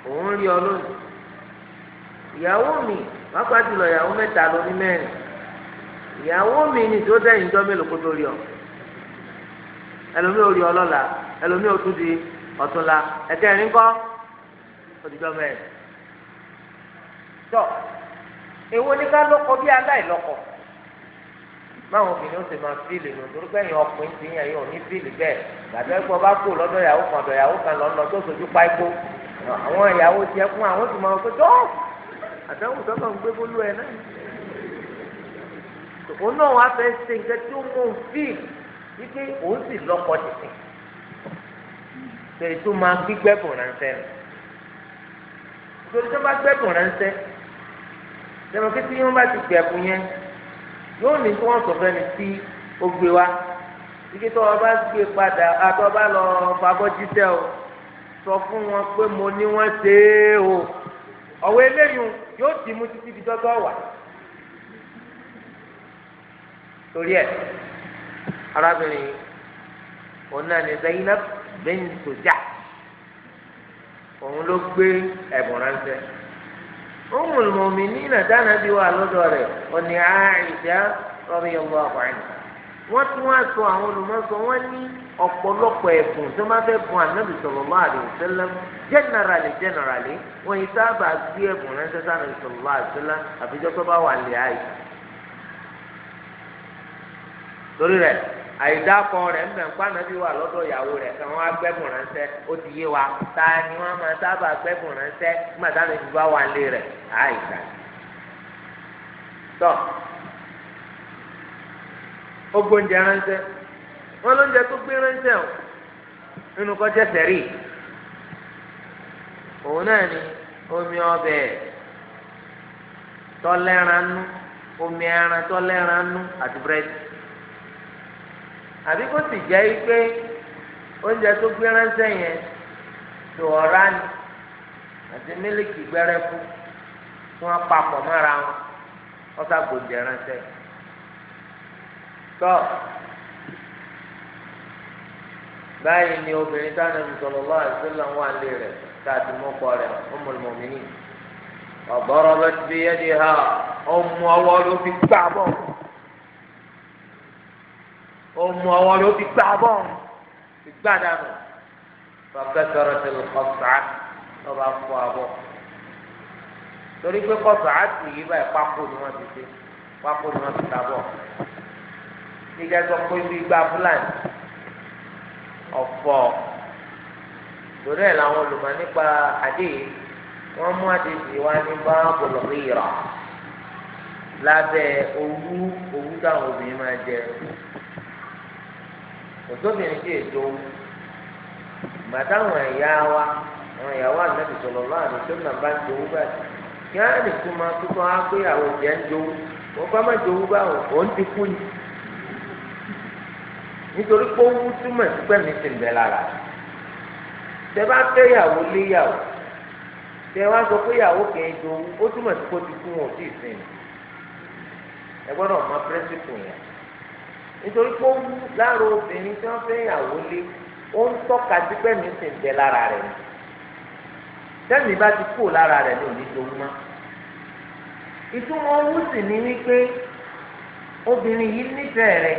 òun rí ọ lónìí ìyàwó mi pápá jùlọ ìyàwó mẹ́ta ló ní mẹ́rin ìyàwó mi ni tó dẹ́yìn jọ mélòó kó tó rí ọ ẹlòmí ò rí ọ lọ́la ẹlòmí ò tún di ọ̀túnla ẹ̀kẹ́rin kọ́ òdìjọ́ mẹ́rin tọ́ èwo ni ká lọ́kọ bí aláìlọ́kọ báwọn obìnrin ó sì máa fíìlì nù torí pé èèyàn ọkùnrin ti yàn yóò ní fíìlì bẹ́ẹ̀ gbàdúrà ẹgbẹ́ bá kú lọ́dọ̀ ìyàwó kan lọ́dọ̀ ìyàwó kan lọ́nà tó sojú pa epo àwọn ìyàwó tiẹ̀ fún àwọn tó máa ń pẹ́ tó àtẹ̀wò tó máa ń gbé bólú ẹ̀ náà òun náà wá fẹ́ ṣe nǹkan tí ó mú un fíìlì wípé òun sì lọ́kọ̀ tìsìn tẹ̀lé tó máa gbígbẹ́bùn ránṣẹ́ nù torí tó bá gbẹ́bùn ránṣẹ́ yóò ní kí wọ́n sọ fẹ́ni tí ó gbé wa ike tó ọba gbé padà àtọ́ba lọ fàbọ́ jíṣẹ́ o sọ fún wọn pé mo ní wọ́n ṣe é o ọ̀wọ́ eléyìí yóò ti mú títí di dọ́dọ́ wà torí ẹ̀ arábìnrin òun náà ní Zainab bẹ́ẹ̀ ní sójà òun ló gbé ẹ̀bùn ránṣẹ́. Ummul Mu'minina dánábì wà lọ́dọ̀ rẹ̀ òní Àìṣà radiyallahu anha wọ́n tún wá sọ àwọn olùmọ̀sọ wọ́n ní ọ̀pọ̀lọpọ̀ ẹ̀bùn tó máa fẹ́ bùn ànábì sallallahu alaihi wasallam jẹ́nẹrali jẹ́nẹrali wọ́n yìí sábà gbé ẹ̀bùn ránṣẹ́ sànà sallallahu alaihi àfijọ́ tó bá wà lè torí rẹ̀ àyídákọ rẹ̀ ń bẹ̀ ń pa nàbí wà lọ́dọ̀ ìyàwó rẹ̀ kí wọ́n á ó ti yé wa ta ni wọ́n máa sábà gbẹ́bùn ránṣẹ́ nígbà táwọn wà lé rẹ̀ àìsàn. tọ́ o nínú kọjá sẹ́rí òun náà ni omi omi ẹran àbí kó sì jẹ́ pé oúnjẹ tó gbé ránṣẹ́ yẹn tó ọ̀rá ni àti mílíkì gbẹrẹfu tí wọ́n papọ̀ mọ́ra wọn wọ́n ṣàgbọ̀jẹ̀ ránṣẹ́ tọ́ báyìí ni obìnrin táwọn ẹni sọ̀rọ̀ lọ́wọ́ àìsílẹ̀ wà lé rẹ̀ tá a ti mú kọ rẹ̀ Ummul Mu'minin ọ̀bọ̀rọ̀ bẹ́ẹ̀ ti fi yẹ́ di ha ọmọ ọwọ́ ló fi gbà bọ̀ ọmọ ọwọ́ rẹ̀ ó ti gbá bọ́ ti gbá dànù fàkẹ́sọ̀rọ̀ ti kọ̀sà lọ́ba fọ́ abọ́ torí pé kọ̀sà á sì yí báyìí pákó ni wọ́n ti ṣe pákó ni wọ́n ti ta bọ̀ nígbà tó pé bí gbá fúlàní ọ̀fọ̀ torí ẹ̀ làwọn olùmọ̀ nípa àdéhìí wọ́n mú àdéhìí wá ní báàbò lọ́rí ìrà lábẹ́ owú owú táwọn obìnrin máa jẹ òtóbìnrin tí èso màtáwọn ẹ̀yà wa àwọn ìyàwó ànábì sọ̀rọ̀ láàrin tó nà bá ń jowú báyìí kí á lè tún máa tó kọ́ á pé àwọn ìjẹ́ ń jowú wọ́n bá má jowú báwọn òun ti kú ni nítorí pé owó túmọ̀ sí pẹ̀mí sì ń bẹ lára tẹ bá fẹ́ yàwó léyàwó tẹ wá sọ pé yàwó kìí jowú ó túmọ̀ sí pé ti kú wọn ò tí ì sìn ẹ gbọ́dọ̀ mọ pírẹ́sìpù yẹn nítorí pé ó wú lára obìnrin tí wọ́n fẹ́ yàwó lé ó ń tọ́ka sí pẹ́mi sì ń bẹ lára rẹ̀ ni tẹ́mi bá ti kú lára rẹ̀ ní onídòwú mọ́ ìtumọ̀ owó sì ní wípé obìnrin yìí nífẹ̀ẹ́ rẹ̀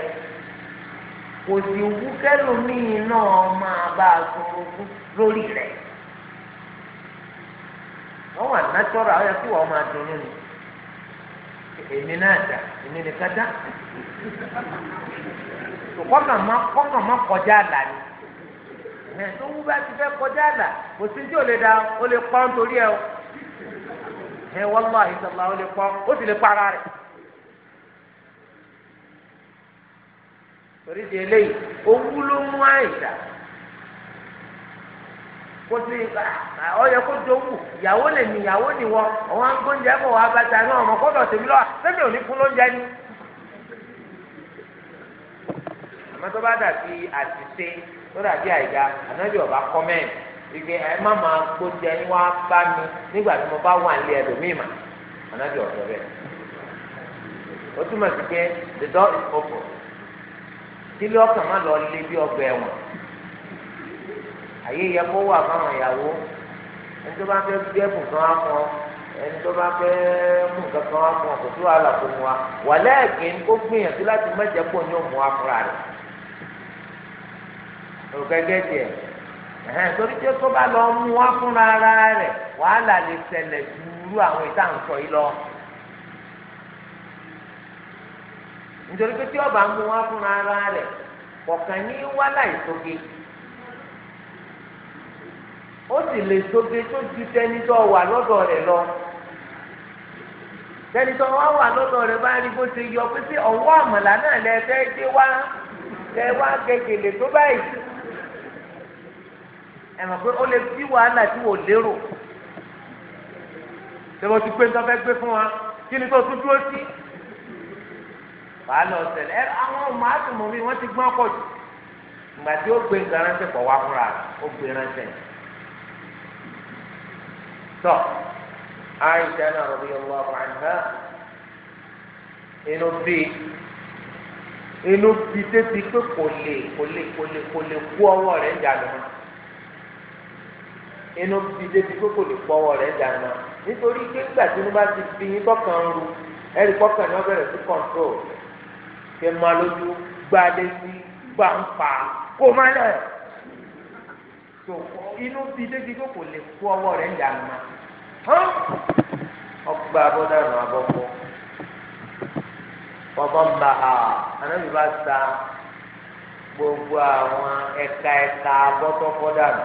kò sì wú kẹ́lòmíì náà máa bá a sọ̀rọ̀ lórí rẹ̀ wọ́n wà nátọ́ra ọ̀yọ́ kí wọ́n máa dunnú ni èmi náà dà èmi nìkan dá kọ́kàn má kọ́kàn má kọjá àlà ni ẹ̀ tó wú bá ti fẹ́ kọjá àlà kò sí tí ò lè da ó lè pọ́n torí ẹ o ẹ wọ́n lọ àìsàn ó lè pọ́n ó sì lè para rẹ̀ torí di eléyìí owú ló mú àìsàn. kó sí ọyẹ kó dowó ìyàwó lè ní ìyàwó ní wọ ọwọn gbóúnjẹ bọ náà ọmọ kó dọ̀tí mi lọ sẹ́mi ni. àmọ́ tó bá dàbí àtìsé tó ọba kọ́mẹ́ẹ̀ ike ẹ má máa gbóúnjẹ ni wọ́n á bá mi nígbà tí mo bá wà ní ẹlòmíì mà ọ̀dọ́ bẹ́ẹ̀. túmọ̀ sí pé the door is open. kí lọ́kàn má lọ lé bí ẹ̀wọ̀n. àyè yẹ kó wà fáwọn ìyàwó ẹni tó bá fẹ́ gbé ẹ̀bùn kan wá fún ẹni tó bá fẹ́ mú nǹkan kan wá fún kò sí wàhálà kó mu wa wà lẹ́ẹ̀kì kó gbìyànjú láti mẹ́jẹ pọ̀ ní òmù wa rẹ̀ òkèké tiẹ̀ ẹ̀hẹ́n ọba mú fúnra rẹ̀ kọ̀ọ̀kan ní wàhálà ó sì lè tóbi tó ju tẹnitọ́ wà lọ́dọ̀ rẹ̀ lọ tẹnitọ́ wà wà lọ́dọ̀ rẹ̀ bá rí bó ṣe yọ pé sí ọwọ́ àmàlà náà lẹ fẹ́ gbé wá lẹ wá gẹ̀gẹ̀lẹ̀ tó báyìí ẹ mọ̀ pé ó lè bí wàhálà tí wò lérò ṣé mo ti pé nǹkan fẹ́ gbé fún wa kí ni tó tún dúró sí wàhálà ọ̀sẹ̀ ẹ àwọn ọmọ àtùmọ̀ mi wọ́n ti gbọ́n pọ̀ jù ìgbà tí ó gbé nǹkan ránṣẹ́ pọ̀ wá fúnra ó gbé ránṣẹ́ yìí tọ́ Aisha náà radiyallahu anha inú bí inú bí tètè pé kò lè kò lè kò lè kò lè kú ọwọ́ rẹ̀ ń dànù mọ́ inú bí tètè pé kò lè kú ọwọ́ rẹ̀ ń dànù nítorí pé nígbà tí wọ́n bá ti fi yín kọ́kàn ru ẹ̀rí kọ́kàn ni wọ́n bẹ̀rẹ̀ sí kọ́ńtrol kẹ́ máa lójú gbá lé sí gbà ń fà kó má náà tó inú bí débi tó kò lè kó ọwọ́ rẹ̀ ń dànù ma ọgbà abọ́dànù abọ́kọ́ bọ́bọ́ ń bá a anábì bá sa gbogbo àwọn ẹ̀ka ẹ̀ka abọ́tọ́kọ́ dànù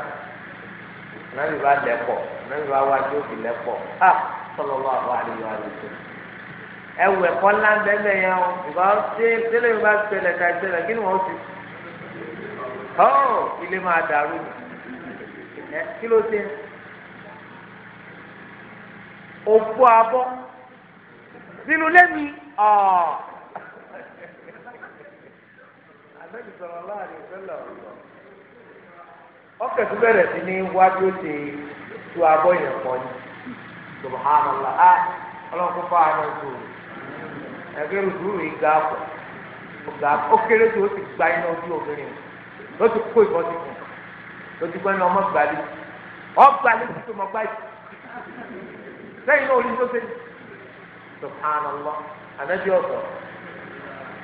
anábì bá lẹ́pọ̀ anábì bá wá tí ó fi lẹ́pọ̀ a sọlọ wà wà nínú àlejò ẹwù ẹ̀kọ́ ńlá ń bẹ́ẹ̀ bẹ́ẹ̀ yẹn o ìbá ṣe tẹ́lẹ̀ ìbá ṣẹlẹ̀ ká ṣẹlẹ̀ kí ni wọ́n ti ilé máa dàrú ni ẹ kí ló ṣe òfò abọ́ sínú lẹ́mi ọ̀ àbẹ́bí sọ̀rọ̀ láàrin ìfẹ́lẹ̀ ọ̀rọ̀ ọkẹ́ tó bẹ̀rẹ̀ sí ní wájú ṣe tu abọ́ yẹn pọ̀ ní subhanallah á ah, ọlọ́kùn fún àwọn ọ̀dọ́ ẹgbẹ́ rúdúrú yìí ga pọ̀ ó kéré tó o ti gba iná ojú obìnrin ó ti kó ìbọn ti kù lójú pé ní ọmọ gbàlè ọgbàlè tó tó mọ gbàlè sẹ́yìn náà orí tó ṣe subhanallah anabi ọsọ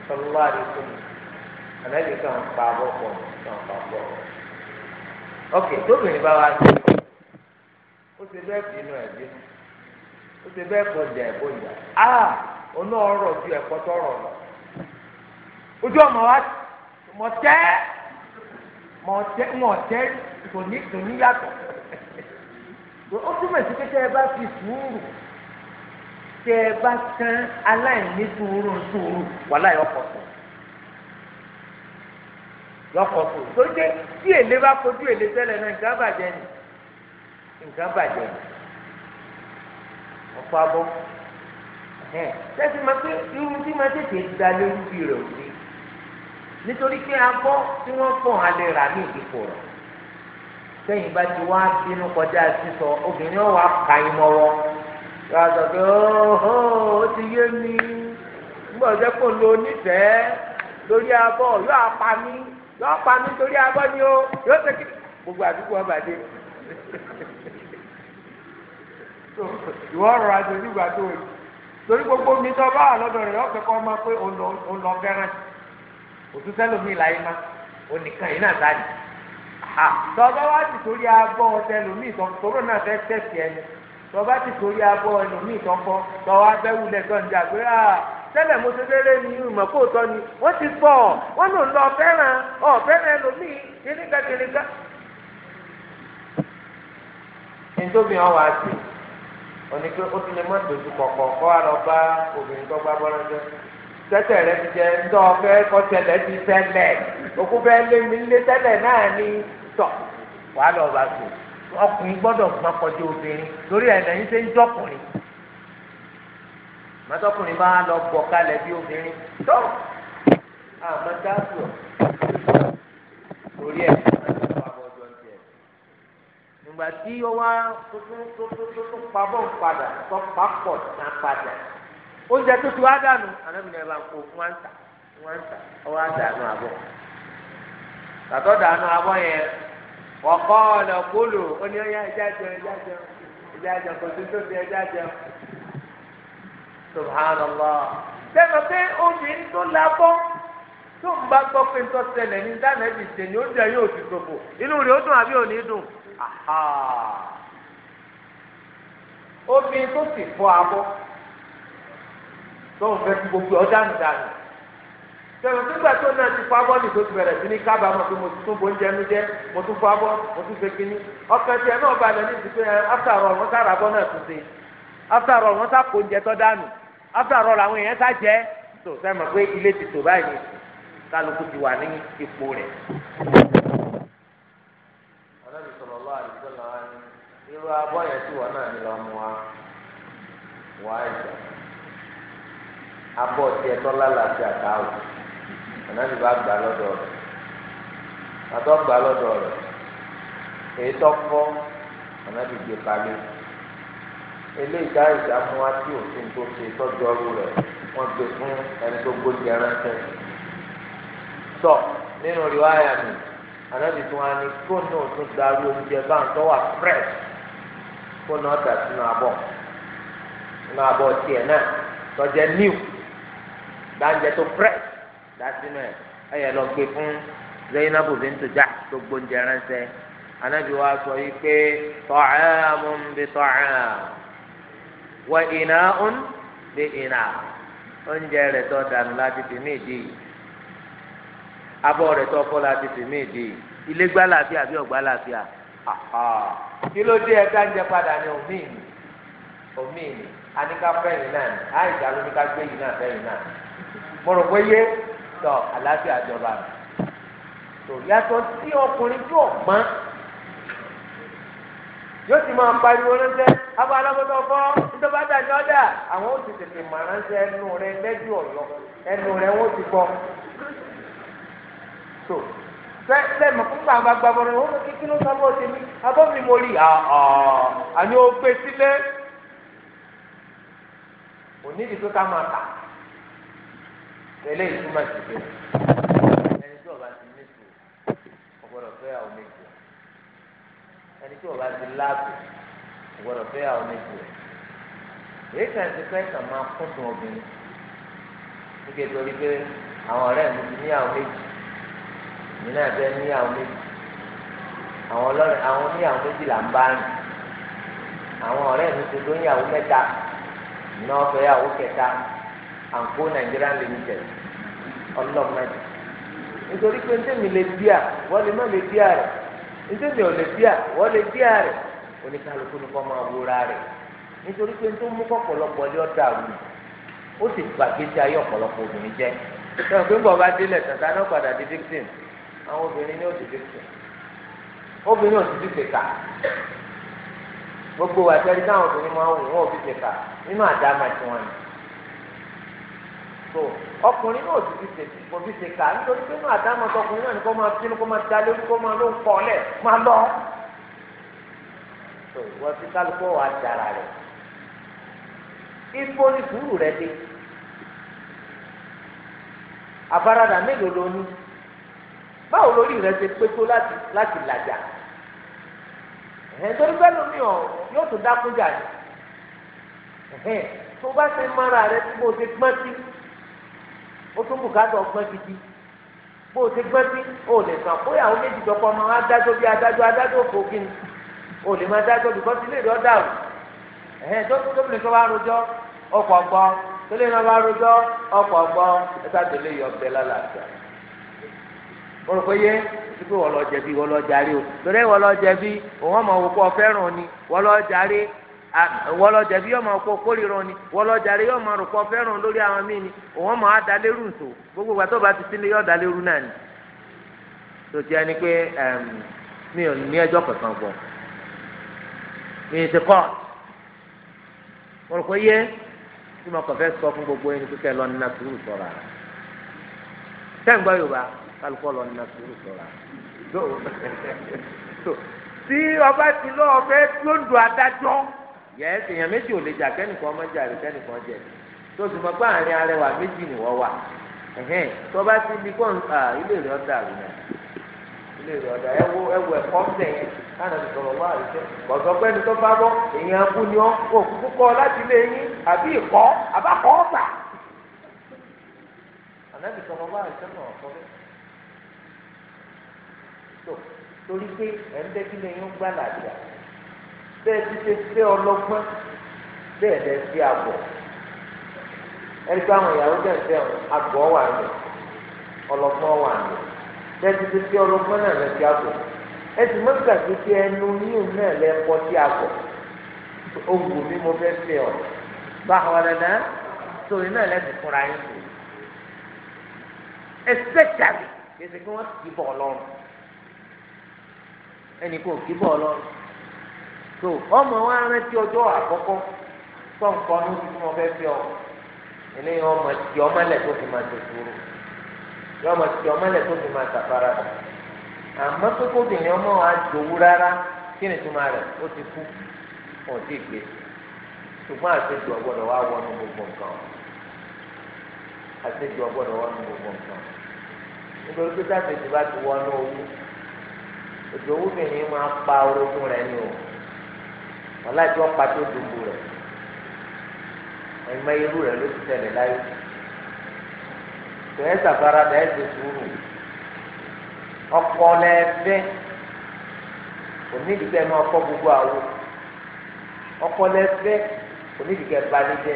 sọlá àdìsọmọ anabi kan pa abọ pọ kan pa pọ ok tóbìnrin bá wá sí ó ṣe bẹ́ẹ̀ fi inú ẹ̀ bí ó ṣe bẹ́ẹ̀ kọ jẹ ẹ̀kọ́ ìyá a ah! oná ọ̀rọ̀ ju ẹ̀kọ́ tọrọ lọ ojú ọmọ wa mọ tẹ mọ ọtẹ mọ ọtẹ tòní tòní yàtọ̀ ó túmọ̀ sí pé tẹ́ ẹ bá fi sùúrù tẹ́ ẹ bá tán aláìní sùúrù sùúrù wàhálà yọkọ̀ sùn yọkọ̀ sùn torí pé tí èlé bá kojú èlé tẹ́lẹ̀ náà nǹkan bàjẹ́ ni nǹkan bàjẹ́ ni ọ̀pọ̀ abọ́ tẹ́sí ma pé irun tí ma tètè dalé orí rẹ̀ òde nítorí pé abọ́ tí wọ́n fọ̀ alẹ́ rà ní ìdìpọ̀ rẹ̀ sẹ́yìn bá ti wá bínú kọjá sísọ obìnrin ọ̀wá ka ìmọ̀wọ́ yà sọ pé óhó ó ti yé mi nígbà tó kò lo onífẹ̀ẹ́ lórí abọ́ yóò apá mi yóò apá mi torí abọ́ ni ó yóò ṣe kí gbogbo àdúgbò ọba dé ìwọ ọ̀rọ̀ àjòjúgbà tó o torí gbogbo mi tó bá wà lọ́dọ̀ rẹ̀ ọ̀fẹ́ kọ́ ọ máa pé òun lọ fẹ́ràn òtún sẹ́lómi láyé má oníkan yìí náà sáàdì tọ́ba wá ti torí abọ́ sẹ́lómi tọ́rọ̀ náà fẹ́ tẹ̀sí ẹni tọ́ba ti torí abọ́ ẹlòmí tọ́kọ́ tọ́wọ́ abẹ́wulẹ̀ tọ́jà pé tẹ́lẹ̀ mo ti léré ní ìmọ̀ kó tọ́ ni wọ́n ti pọ̀ wọ́n lò ń lọ fẹ́ràn ọ̀ fẹ́ràn ẹlòmí kìnnìkan kìnnìkan. nítorí wọn wá sí oníkó ó ti lè má dojú kọ̀kọ̀ kọ́ àlọ́ bá obìnrin tó gbá bọ́lá jẹ́ tẹ́tẹ̀ rẹ ti jẹ ńdọ́ fẹ́ kọ́sẹ̀lẹ̀ ti ṣẹlẹ̀ òkú fẹ́ lé mi lé tẹ́lẹ̀ náà ni tọ̀ wàá lọ bá sùn ọkùnrin gbọ́dọ̀ gbọ́n kọjú obìnrin lórí ẹ̀ ṣe ń jọkùnrin lọ bọ̀ kalẹ̀ bí obìnrin àmọ́ dáàbò ẹ̀ nígbà tí ó wá tuntun tuntun tuntun pabọ́ ń oúnjẹ tó ti wá dànù ànábìnrin ẹ̀ bá ń kó fún wa ń tà wọ́n ń tà ọwọ́ àdànù àbọ̀ tàtọ́ dànù àbọ̀ yẹn ọ̀kọ́ ọ̀nà kólò ó ní ọ̀yá ẹja jẹun ẹja jẹun ẹja jẹun kò sí tó fi ẹja jẹun subhanallah sẹ́nu pé obìnrin tó labọ́ tó ń bá gbọ́ pé tó ṣẹlẹ̀ ní dánẹ́bì tẹ̀yìn oúnjẹ yóò ti inú rẹ̀ fọ abọ́. tọ́wọ́n fẹ́ kí gbogbo ọ̀dánù dànù tẹ̀wọ̀n nígbà tó náà ti fọ́ abọ́ ní tó ti bẹ̀rẹ̀ sí ní kábàámọ̀ pé mo ti tún bo oúnjẹ mi jẹ́ mo tún fọ́ abọ́ mo tún fẹ́ kínní ọkàn tiẹ̀ náà balẹ̀ ní ti pé ẹ after sára abọ́ náà tún ṣe after all sá kó oúnjẹ dànù abọ́ tiẹ̀ tọ́lá làti àtàwọ̀ ànábì bá gbà lọ́dọ̀ rẹ̀ àtọ́ gbà lọ́dọ̀ rẹ̀ èyí tó kọ́ ànábì gbé kalẹ̀ eléyìí dá ìdààmú wa tí òfin tó ṣe tọ́jú ọrú rẹ̀ wọ́n gbé fún ẹni tó gbójú ẹrántẹ́ tọ́ nínú rìwáyà mi ànábì tí wọ́n ní kó náà tún darú oúnjẹ bá ń tọ́wà fresh kó náà dà sínú abọ́ sínú abọ́ tiẹ̀ náà tọ́jẹ́ new gbàǹjẹ tó fresh dásínú ẹ ẹyẹ lọ gbé fún Zainabu bintu Jahsh tó gbóúnjẹ ránṣẹ́ anabi wa sọ yìí pé ta'amun bi ta'am wa ina'un bi ina' oúnjẹ rẹ̀ tó dànù láti fi mí dì í abọ́ rẹ̀ tó fọ́ láti fi mí dì ilé gbá làáfíà bí ọ̀gbá làáfíà kí ló dé ẹ̀ka ń jẹ padà ní omi ìní omi ìní aníkà fẹ́yìn náà àìsàn ló gbé yìí náà fẹ́yìn náà mo rò pé yé tọ àlàáfíà àjọba rẹ tó yàtọ̀ sí ọkùnrin tí ọ̀gbọ́n yóò ti máa pariwo ránṣẹ́ abọ́ alábọ́tọ̀ fọ́ nítorí àdájọ́ ọ̀dà àwọn ó ti tètè mà ránṣẹ́ ẹnu rẹ lẹ́jọ́ ọ̀yọ́ ẹnu rẹ wọ́n ti gbọ́ tó lẹ́mọ̀ fún gbàgbà gbàgbọ́ rẹ wọ́n kí kí ló sábọ́ ṣe mí abọ́ mi mo rí àní ó gbé sílé òní ìdí tó ká máa kà tẹ́lẹ̀ ìtumọ̀ sí pé ẹni tí ọba ti ní sùn ọgbọ́dọ̀ fẹ́ àwọn méjì ẹni tí ọba ti láàbù ọgbọ́dọ̀ fẹ́ àwọn méjì èyí kan ti fẹ́ kàn máa kún fún obìnrin nígbà tó rí pé àwọn ọ̀rẹ́ mi ti ní àwọn méjì mi náà fẹ́ ní àwọn méjì àwọn ọlọ́rin àwọn oníyàwó méjì là ń bá rìn àwọn ọ̀rẹ́ mi ti lóyún àwọn mẹ́ta ìnáwó fẹ́ àwọn kẹta. àǹkó nàìjíríà limited ọlọ́mọdé nítorí pé ntẹ́mi lè bí à wọ́n lè má lè bí à rẹ̀ ntẹ́mi ò lè bí à wọ́n lè bí à rẹ̀ oníkálukú ni kò máa wúra rẹ̀ nítorí pé ntẹ́ mú kọ́pọ̀lọpọ̀ lé ọ̀dà wù ó sì ayé ọ̀pọ̀lọpọ̀ obìnrin jẹ́ sọ pé bọ̀ bá délẹ̀ tàtà náà padà di victim àwọn obìnrin ní òsì victim obìnrin ti gbogbo àtẹ́rí táwọn obìnrin máa ń wù wọ́n òsì tètà nínú àdámà so ọkùnrin náà ti fi tètè kò fi tètè kà nítorí pé náà àdámọ̀ tọkùnrin náà ni kò máa bínú kò máa dalé kò máa ló ń kọ́ lẹ̀ máa lọ. so wọ́n ti kálukú wà dára rẹ̀ ibo ni sùúrù rẹ̀ dé àfaradà mélòó ló ní báwo lórí rẹ̀ ṣe pé tó láti láti làjà ẹ̀hẹ́n torí bẹ́ẹ̀ lómi ọ̀ yóò tún dákúnjà ni ẹ̀hẹ́n tó bá ṣe mara rẹ̀ tí mo ṣe pọ́n sí. o tún bùkátà ọgbọ́n gidi bó o ti gbọ́n sí o lè sàn bóyá o méjì dọ́kọ́ ọmọ adájọ́ bí adájọ́ adájọ́ kò o lè máa dájọ́ bí kọ́sí lè dọ́ dàrú ẹ̀hẹ́n tó tó lè sọ bá rojọ́ ọkọ̀ tó lè bá rojọ́ ọkọ̀ tó lè yọ lálàáfíà mo rò pé yé wọ́n o torí wọ́n lọ jẹ̀bi òun ọmọ òwò wọlọjà bí yọmọ kó kórìíra ni wọlọjà rẹ yọmọ rúkọ fẹ́ràn lórí àwọn míì ni òun mọ adalérú nsò gbogbo ìgbà tó bá ti sílé yọ adalérú náà ni tòtí ẹni pé mi ò ní ẹjọ́ kankan gbọ́ mi ti kọ mo rò pé yé tí mo kàn fẹ́ sọ fún gbogbo ẹni pé kẹ lọ nínú sùúrù sọ̀rọ̀ àrà sẹ́ǹgbọ́ yorùbá kálukọ́ lọ nínú sùúrù sọ̀rọ̀ àrà tí ọba ti lọ ọbẹ̀ tó ń do adájọ́. yẹ́n ti ya méjì ò lè jà kẹ́nìkan ọmọ jà kẹ́nìkan jẹ tó sì pé àárín arẹwà méjì ni wọ́n wà ẹ̀hẹ́n tó bá ti di kọ́n ilé rẹ̀ ọ̀dà rẹ̀ náà ilé rẹ̀ ọ̀dà ẹ̀wọ̀ ẹ̀wọ̀ ẹ̀kọ́ sẹ̀ yẹn lánàá ti sọ̀rọ̀ wá àrùsẹ̀ bọ̀dọ̀ pẹ́ni tó bá bọ́ ni bẹ́ẹ̀ ti ṣe fẹ́ ọlọ́gbọ́n bẹ́ẹ̀ lẹ fi àbọ̀ ẹni pé àwọn ìyàwó dẹ̀ fẹ́ àgọ́ wà ní ọlọ́gbọ́n wà ní bẹ́ẹ̀ ti ṣe fẹ́ ọlọ́gbọ́n náà lẹ fi àbọ̀ ẹ sì mọ́ gbàgbé pé ẹnu yíyùn náà lẹ pọ̀ sí àbọ̀ ohun mi mo fẹ́ fẹ́ ọ báwo wà dandan torí náà lẹ́sìn fúnra yín sí especially gbèsè kí wọ́n kì bọ̀ ọlọ́run ẹnì kan ò bọ̀ ọlọ́run so ọmọ wa rántí ọjọ́ àkọ́kọ́ tó nǹkan ní oṣù tí wọ́n fẹ́ fi ọ eléyìí ọmọ tí ọmọ lẹ̀ tó fi máa tẹ̀síwòrò yọ ọmọ tí ọmọ lẹ̀ tó fi máa tàfara rẹ̀ àmọ́ kókó bìnrin ọmọ wa dòwú rárá kí ni tó máa rẹ̀ ó ti kú ọ̀ ti gbé ṣùgbọ́n àṣejù ọgbọ́dọ̀ wá wọnú gbogbo nǹkan àṣejù ọgbọ́dọ̀ wọnú gbogbo nǹkan nítorí pé sáfẹ̀sì bá ti wọnú owó òjò owó bìnrin máa pa orogún rẹ̀ ni o wọn láti wọn pàtó gbogbo rẹ ẹgbẹ irú rẹ ló ti tẹlẹ láyé tẹ ẹsàfara dẹ ẹsẹ sùúrù ọkọ lẹẹfẹ onídìgbẹ náà kọ gbogbo àwo ọkọ lẹẹfẹ onídìgbẹ balẹjẹ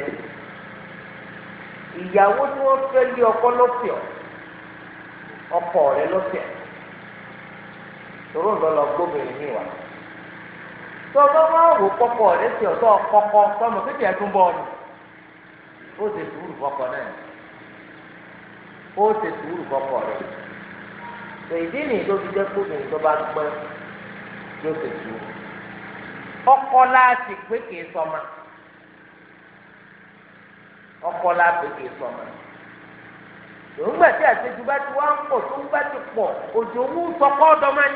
ìyàwó tí wọn fẹ́ lé ọkọ lọfẹọ ọkọ rẹ lọfẹọ tòró ń lọ lọ gbóbìnrin mi wá tó bá wà wò kọkọ rẹ ti ọtọ kọkọ tọmọ kékeré tó ń bọ ọdún ó ṣe sùúrù kọkọ náà ó ṣe sùúrù kọkọ rẹ tó ìdí nìyí tó fi jẹ kó bìnrin tó bá gbẹ yóò ṣe sùúrù ọkọ láti pé kìí sọmọ ọkọ láti pé kìí sọmọ lòun gbà tí àṣejù bá ti wá ń pọ̀ tó ń bá ti pọ̀ òjò wú sọkọ́ ọ̀dọ́ máa ń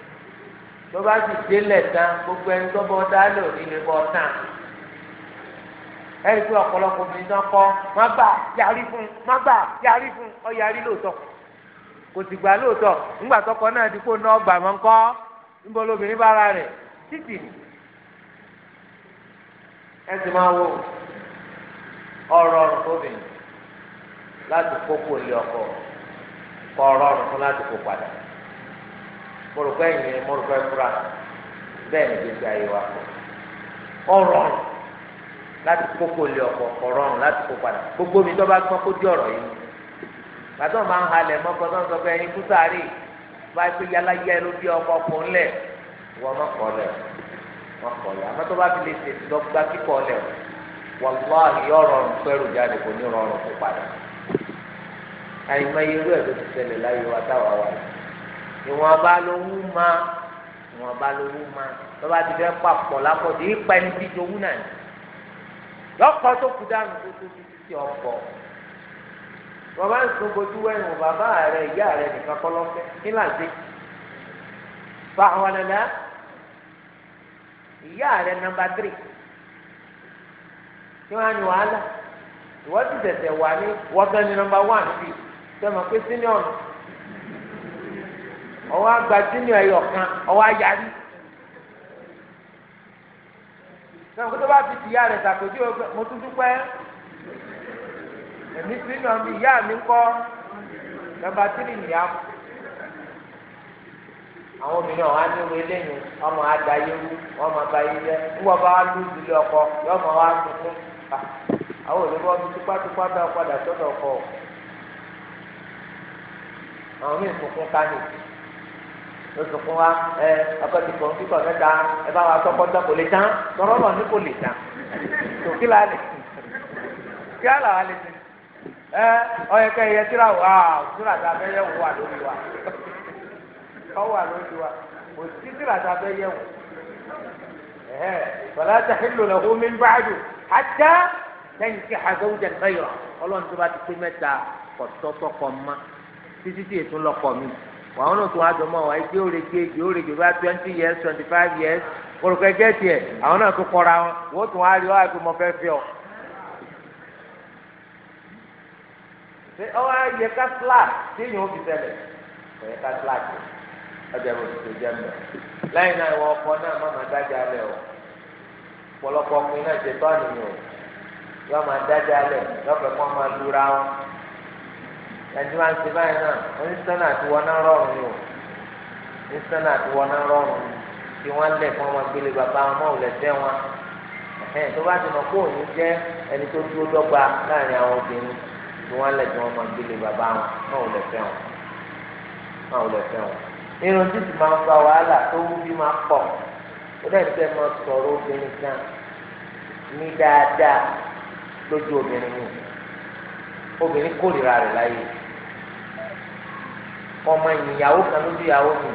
tó bá sì délẹ̀ gbogbo ẹni tó bọ́ dá lórí na bọ́ tán ẹni pé ọ̀pọ̀lọpọ̀ obìnrin tán kọ́ má gbà yarí fún má gbà yarí fún ọ yarí wo láti ilé ọkọ kọ fún láti kó mọ̀rùkọ́ ẹ̀yìn mọ̀rùkọ́ ẹ̀fúra bẹ́ẹ̀ ni gbèsè ayé wa kọ. ọ̀rọ̀rùn láti kókó lé ọkọ̀ ọ̀rọ̀rùn láti kó padà gbogbo mi tó bá gbọ́ kó dé ọ̀rọ̀ yìí. bàtà máa ń halẹ̀ mọ́kọ́ tó ń sọ pé ẹyin kúsàárì bá pé yálà yá ló bí ọkọ̀ kò ń lẹ̀ wọ́n mọ̀kọ́ lẹ̀ mọ̀kọ́ lẹ̀ àmọ́ tó bá fi lè tètè dọ́gba kíkọ́ lẹ̀ wàláhì ọ̀rọ̀rùn pẹ́rù jáde kò ní rọrùn kó padà. àyìnbáyé irú ẹ̀ tó ti ṣẹlẹ̀ láyé wa táwa wà ìwọ̀nba lówó ma ìwọ̀nba lówó ma lọ́ba ti fẹ́ pa pọ̀ lápọ̀jù ipa ẹni tí jowú náà ni lọ́kọ̀ tó kú dànù tó tó ti ti ọ̀pọ̀ wọ́n bá ń sun bojú wẹ̀yìn bàbá rẹ̀ ìyá rẹ̀ nìkan kọ́ lọ́fẹ́ nílà dé fàwọn ẹ̀dá ìyá rẹ̀ nàmbà tírì kí wọ́n á ní wàhálà ìwọ́n ti tẹ̀tẹ̀ wà ní wọ́gán ní nàmbà wán bíi tẹ́ pé sínú ọ̀nà. ọwọ agba júnior ẹ̀yọ̀ kan ọwọ́ àyárí. sọ̀rọ̀ tó bá ti di ìyá rẹ̀ sàkójú mo tún dúpẹ́ mi ìyá mi ń kọ́ nọ́mbà tírì nìyá àwọn obìnrin ọ̀hún aníwò eléyìí ọmọ adáyé wú ọmọ abayé jẹ wúwọ́ bá wá ìdílé ọkọ yọmọ wá tuntun àwọn tipátipá ọkọ àwọn míì funfun ló sọ fún wa ẹ akọsí kọmpútà mẹ́ta ẹ bá wa sọ kọjá kò lè tán tọrọ náà ní kò lè tán tó kí la lè kí á là wà lè tẹ ẹ ọyẹ kẹ yẹ tíra wà tíra tá a fẹ́ yẹ̀ wò wà lórí wa ọ wà lórí wa kò sí tíra tá a fẹ́ yẹ̀ wò ẹ bàlá sàkílò lọ fún mi ń báàdù àjá lẹ́yìn tí àgọwò jẹ nǹkan yọ Ọlọ́run tó bá ti pé mẹ́ta kọtọtọ kọ wọn àwọn náà tún wá dùn mọ́ wọn ẹgbẹ́ bá twenty years twenty five years àwọn náà tún wọn tún wá rí àti fi ṣé ká tí ká ọjà ìbò tuntun ọkọ náà má dájà o ọkùnrin náà ṣe o ẹni máa ń ṣe báyìí náà oníṣẹ́nà àti wọn náà rọrùn ni o oníṣẹ́nà àti wọn náà rọrùn ni tí wọ́n lẹ̀ fún ọmọ gbélé bàbá wọn mọ́ òlẹ́sẹ̀ wọn ẹ̀hẹ́n tó bá ti mọ̀ kó òní jẹ́ ẹni tó dúró dọ́gba láàrin àwọn obìnrin tí wọ́n lẹ̀ fún ọmọ gbélé bàbá wọn mọ́ òlẹ́sẹ̀ wọn mọ́ òlẹ́sẹ̀ wọn. irun títì máa ń fa wàhálà tó wú bí máa pọ̀ ó dẹ́ni pé mo sọ̀rọ̀ obìnrin kan ní dáadáa lójú obìnrin mi obìnrin kórìíra rẹ̀ láyé ọmọ ìyàwó kan lójú ìyàwó mi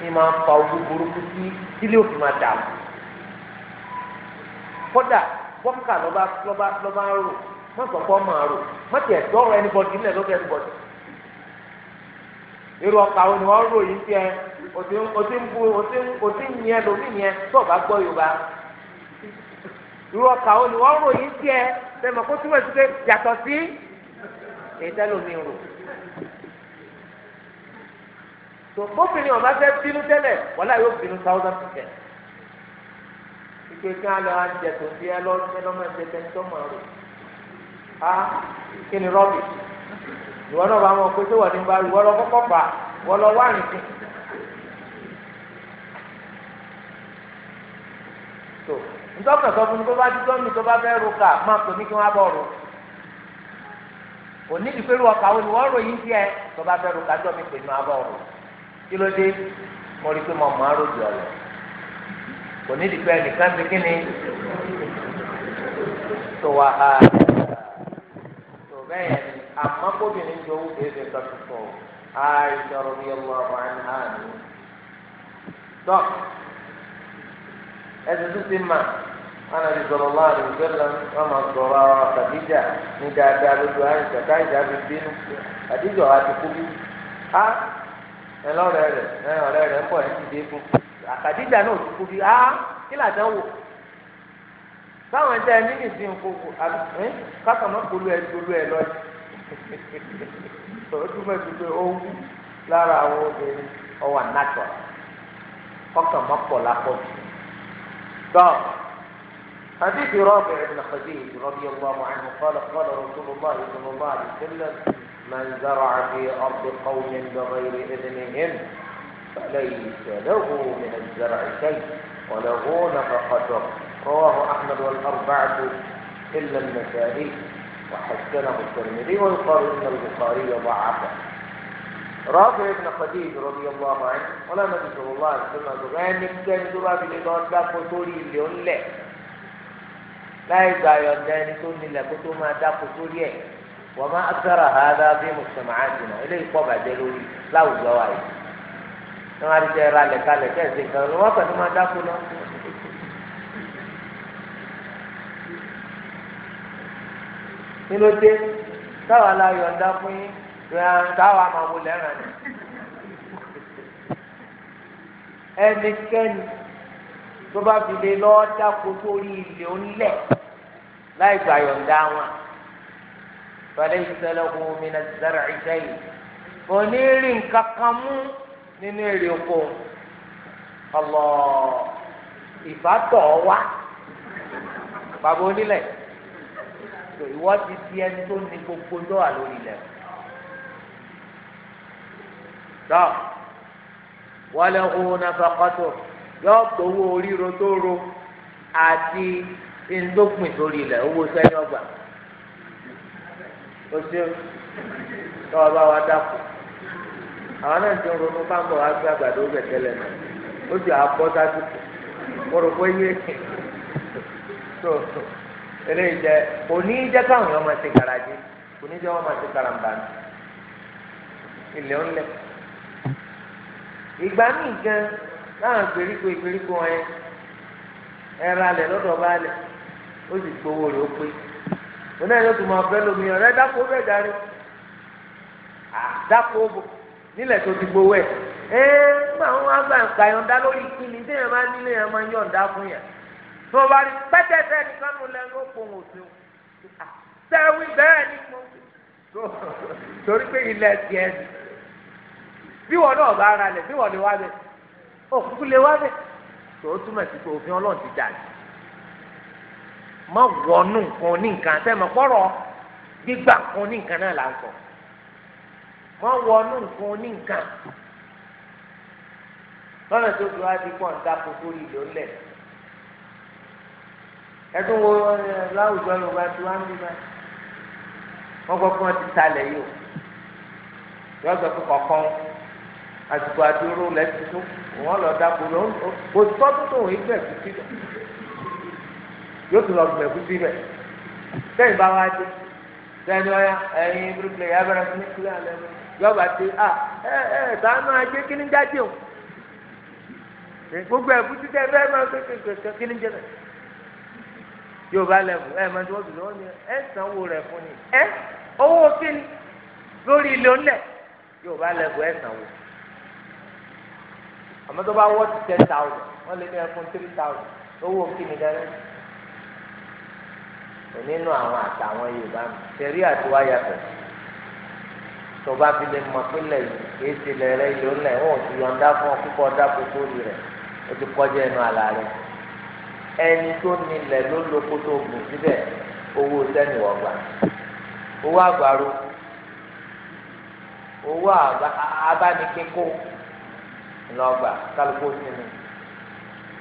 ní máa ń fa ojú burúkú sí sílé òfin máa dà mọ́ kódà wọ́pùkà lọ́ba lọ́ba lọ́ba rò mọ́tòkọ́ máa rò mọ́tì ẹ̀dọ́ ọ̀rọ̀ ẹni bọ̀dì nílẹ̀ lọ́bẹ̀ ẹni bọ̀dì irú ọkọ̀ àwọn ni wọ́n rò yìí tiẹ̀ òtí ń bu òtí ń yẹn lómi yẹn tó o bá gbọ́ yorùbá irú ọkọ̀ àwọn ni wọ́n rò yìí tiẹ̀ sẹ́mi kó túbọ̀ sí pé yàtọ̀ sí tó bóbìnrin ọba fẹ́ bínú tẹ́lẹ̀ wàhálà yóò bínú thousand percent ike kí alọ adìẹ tó fi ẹ lọ ẹ lọ máa jẹ tẹni tó máa rò á kí ni rọbì ìwọ náà bá wọn pé tó wà ní bá ìwọ lọ kọ́kọ́ pa ìwọ lọ wá nìkan tó ntọ́kàn sọ fún mi tó bá ti tọ́ mi tó bá fẹ́ ro ká máa pè mí kí wọ́n á bọ̀ ro òní ìpérò ọkà wo ni wọ́n ròyìn díẹ̀ tó bá fẹ́ ro ká tọ́ mi pè mí wọ́n á bọ̀ ro kí ló dé mo rí i pé mo máa ròjò ọ̀lẹ̀ kò ní ìdìpẹ́ ẹnìkan ti kí ni tó wà á tó bẹ́ẹ̀ yẹn àmọ́ kóbìnrin jọ owó kéde kan tó Aisha radiyallahu anha ni tọ́ ẹsẹ̀ tó ti mà anabi sallallahu alaihi wasallam wọn máa sọ̀rọ̀ àwọn Khadija ní dáadáa lójú Aisha káyìjà fi bínú Khadija wa ti ẹ lọ́rẹ̀ rẹ̀ ẹ ọ̀rẹ́ rẹ̀ ń bọ̀ ẹ ti dé fún àkàdíjà náà ti kú bí a kí làdá wò báwọn ẹja ẹni nì sí nǹkó àbí kákan náà polú ẹ polú ẹ lọ ọ túmọ̀ sí pé ó wú lára àwọn obìnrin ọwọ́ ànájọ ọkàn mọ́pọ̀ lápọ̀ jù tọ́ حديث رافع بن خديج رضي الله عنه قال قال رسول الله صلى الله عليه وسلم من زرع في أرض قوم بغير إذنهم فليس له من الزرع شيء وله نفقته رواه أحمد والأربعة إلا النسائي وحسنه الترمذي ويقال أن البخاري ضعفه رافع بن خديج رضي الله عنه ولا نبي صلى الله عليه وسلم أن كان ترى بالإضاءة داكو توري ليون لا لا يزايا داني توني إلا ما داكو توري وما máa هذا في مجتمعاتنا mùsùlùmí àjùmọ̀ eléyìí pọ̀ bàjẹ́ lórí láwùjọ wa yìí wọ́n máa jẹ́ ra lẹ̀kalẹ̀ kẹ́sì kan wọ́n kàn ní máa dákú lọ. kí ló dé táwa la yọ̀ǹda fún yín táwa máa wọlé ẹ̀ràn ni ẹnikẹ́ni tó bá fi lè lọ́ọ́ dákú sórí ilé onílẹ̀ láì gbà yọ̀ǹda wọn. فليس له من الزرع شيء فنير كقمو نير يقوم الله ìfàtọ̀ wa bàbá onílẹ̀ tó ìwọ ti di ẹni tó ní gbogbo tó wà lórí ilẹ̀ tó wọlé ohun nàfàkọ́tò yọ gbowó oríro tó ro àti ndópin sórí ilẹ̀ owó sẹ́yìn ọgbà. o ṣeun tọ́wọ́ bá wa dákú àwọn náà ti ń ronú wá àgbàdo náà ó sì àbọ̀ yé tó eléyìí jẹ kò ní í káwọn garaje kò ní í ìgbà míì gan láwọn wọn yẹn ẹ ra ó sì onáà yóò tún máa fẹ́ lómi ọ̀rẹ́ dáko bẹ́ẹ̀ darí dáko bò nílẹ̀ tó ti gbowó ẹ̀ ẹ́ nígbà wọn wá gbà gbà yọ̀ǹda lórí ìkíni tí yẹn máa nílé yẹn máa yọ̀ǹda fún yẹn tó o bá rí pẹ́tẹ́tẹ́ nìkan ló lẹ́ ló pò wò sí o sẹ́wí bẹ́ẹ̀ ni mo torí pé ilẹ̀ tiẹ̀ ni bí wọn náà bá ara lẹ̀ bí wọn lè wá bẹ̀ òkú lè wá bẹ̀ tó o túmọ̀ sí pé òfin ọlọ́run ti dà ní má wọnú nǹkan oníǹkan sẹ́mi pọ́rọ̀ gbígbà nǹkan oníǹkan náà là ń sọ má wọnú nǹkan oníǹkan lọ́nà tó fi wá di pọ̀ ń dáko sórí ìlú ńlẹ̀ ẹtún wo láwùjọ yorùbá tí wọ́n á ń bí báyìí wọ́n gbọ́ pé wọ́n ti talẹ̀ yìí o yọ̀ọ́ gbọ́ pé kọ̀ọ̀kan àsìkò àdúró lẹ́tí tó wọ́n lọ dáko lọ́wọ́ òtítọ́ tó tó wọ́n yí bẹ̀rẹ̀ títí lọ yóò tún lọ gbẹ̀kú síbẹ̀ sẹ́yìn bá wá dé sẹ́yìn wáyà ẹ̀yin burúkú yà bẹ̀rẹ̀ fún kílẹ̀ alẹ́ mi yọba ti a ẹ ẹ sànú ajé kíní jáde o gbogbo ẹ̀kú títẹ bẹ́ẹ̀ máa kékeré kíní jẹ́ bẹ́ẹ̀ yóòbá lẹ́bù ẹ̀ máa tí wọ́n bìí lọ́wọ́ ni ẹ̀ sanwó rẹ̀ fún ni ẹ̀ owó kíni lórí ilé onílẹ̀ yóòbá lẹ́bù ẹ̀ sanwó àmọ́ tó bá wọ́ ten thousand wọ́n lé ní ẹ̀fún three thousand owó kíni dáná nínú àwọn àtàwọn yorùbá mi sẹ̀rí àtiwá yàtọ̀ tó bá fi lè mọ pínlẹ̀ yìí kì í tilẹ̀ rẹ yìí ó lẹ̀ wọ́n ti yọ̀ǹda fún ọ kíkọ́ dáko sórí rẹ̀ ó ti kọjá ẹnu àlà rẹ̀ ẹni tó nílẹ̀ ló lóko tó gùn síbẹ̀ owó sẹ́ni wọ́n gbà owó àgbàro owó abánikíkó lọ́gbà kálukó sínú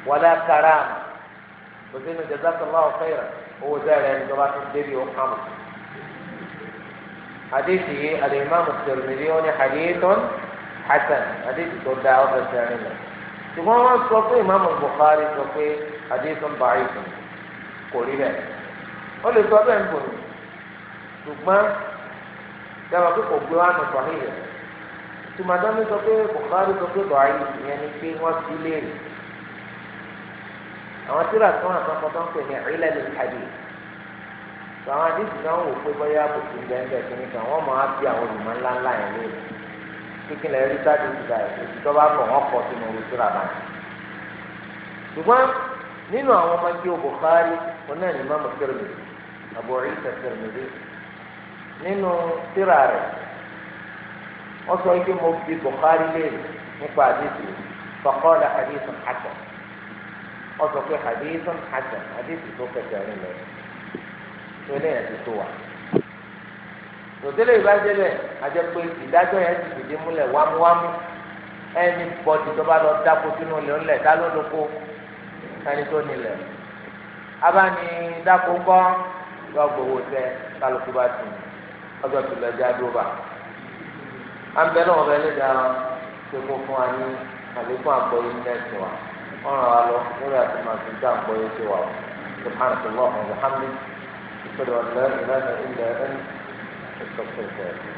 wọlé karam kò sínú jẹ́sàkàlá ọ̀fẹ́ rẹ̀ owó sẹ́rẹ̀ ẹni tó bá ti débi ó kàmù. àdéhìí yìí alimami Tirmidhi ó ní hadithun hasan àdéhìí tó dá ọ̀fẹ́ sẹ́rẹ̀ lọ. ṣùgbọ́n wọ́n sọ pé ìmáàmù Bukhari sọ pé hadithun da'ifun kò rí bẹ́ẹ̀. ó lè sọ bẹ́ẹ̀ ń bò ní ṣùgbọ́n dábàá pé kò gbé wánu sọ níyẹn. tùmọ̀dọ́mí sọ pé Bukhari sọ pé da'if ìyẹn ni pé wọ́n fi léèrè àwọn tíra tó hàn kan kọ́tọ́ ń pè ní ilẹ̀ lè kàdé tó àwọn àdìsí náà wò pé bóyá kò sí bẹ́ẹ̀ kìíní kan wọ́n máa bí àwọn olùmọ̀ ńlá ńlá yẹn lé kíkín lẹ́yìn rí sáà dìbò ìgbà èsì tó bá kọ̀ wọ́n kọ́ sínú orí tíra báyìí. ṣùgbọ́n nínú àwọn ọmọ ẹgbẹ́ Bukhari oná ní mọ́mọ́ Tirmidhi Abu Isa Tirmidhi nínú tíra rẹ̀ wọ́n sọ pé mo fi Bukhari léèrè nípa àdìsí faqala hadithun hasan ọsọ pé hadithun hasan hadithi tó kẹsẹ̀ rìn lọ tó lẹ́yìn ẹ̀sìn tó wà. tòtẹ́lẹ̀ ìbájẹ́ bẹ́ẹ̀ ajẹ́ pé ìdájọ́ yẹn ti fìdí múlẹ̀ wámúwámú ẹni bọ́dì tó bá lọ dáko sínú ilẹ̀ ńlẹ̀ dá ló lóko ẹni tó nílẹ̀. abáni dáko ńkọ́ yọ gbowó sẹ kálukú bá tún ọjọ́ tó lọ já dó bá. wọn bẹ́ẹ̀ lé dáa ṣe kó fún wa ní àlékún àgbọ̀yé ní ẹ̀sìn wa wọn ràn wá lọ lórí àti máa fi dá àgbọ̀ yẹn ṣe wà ó subhanahu wa ta'ala muhammed ìṣòro ọ̀lẹ́ ìlànà ilẹ̀ ẹ̀ ń ṣe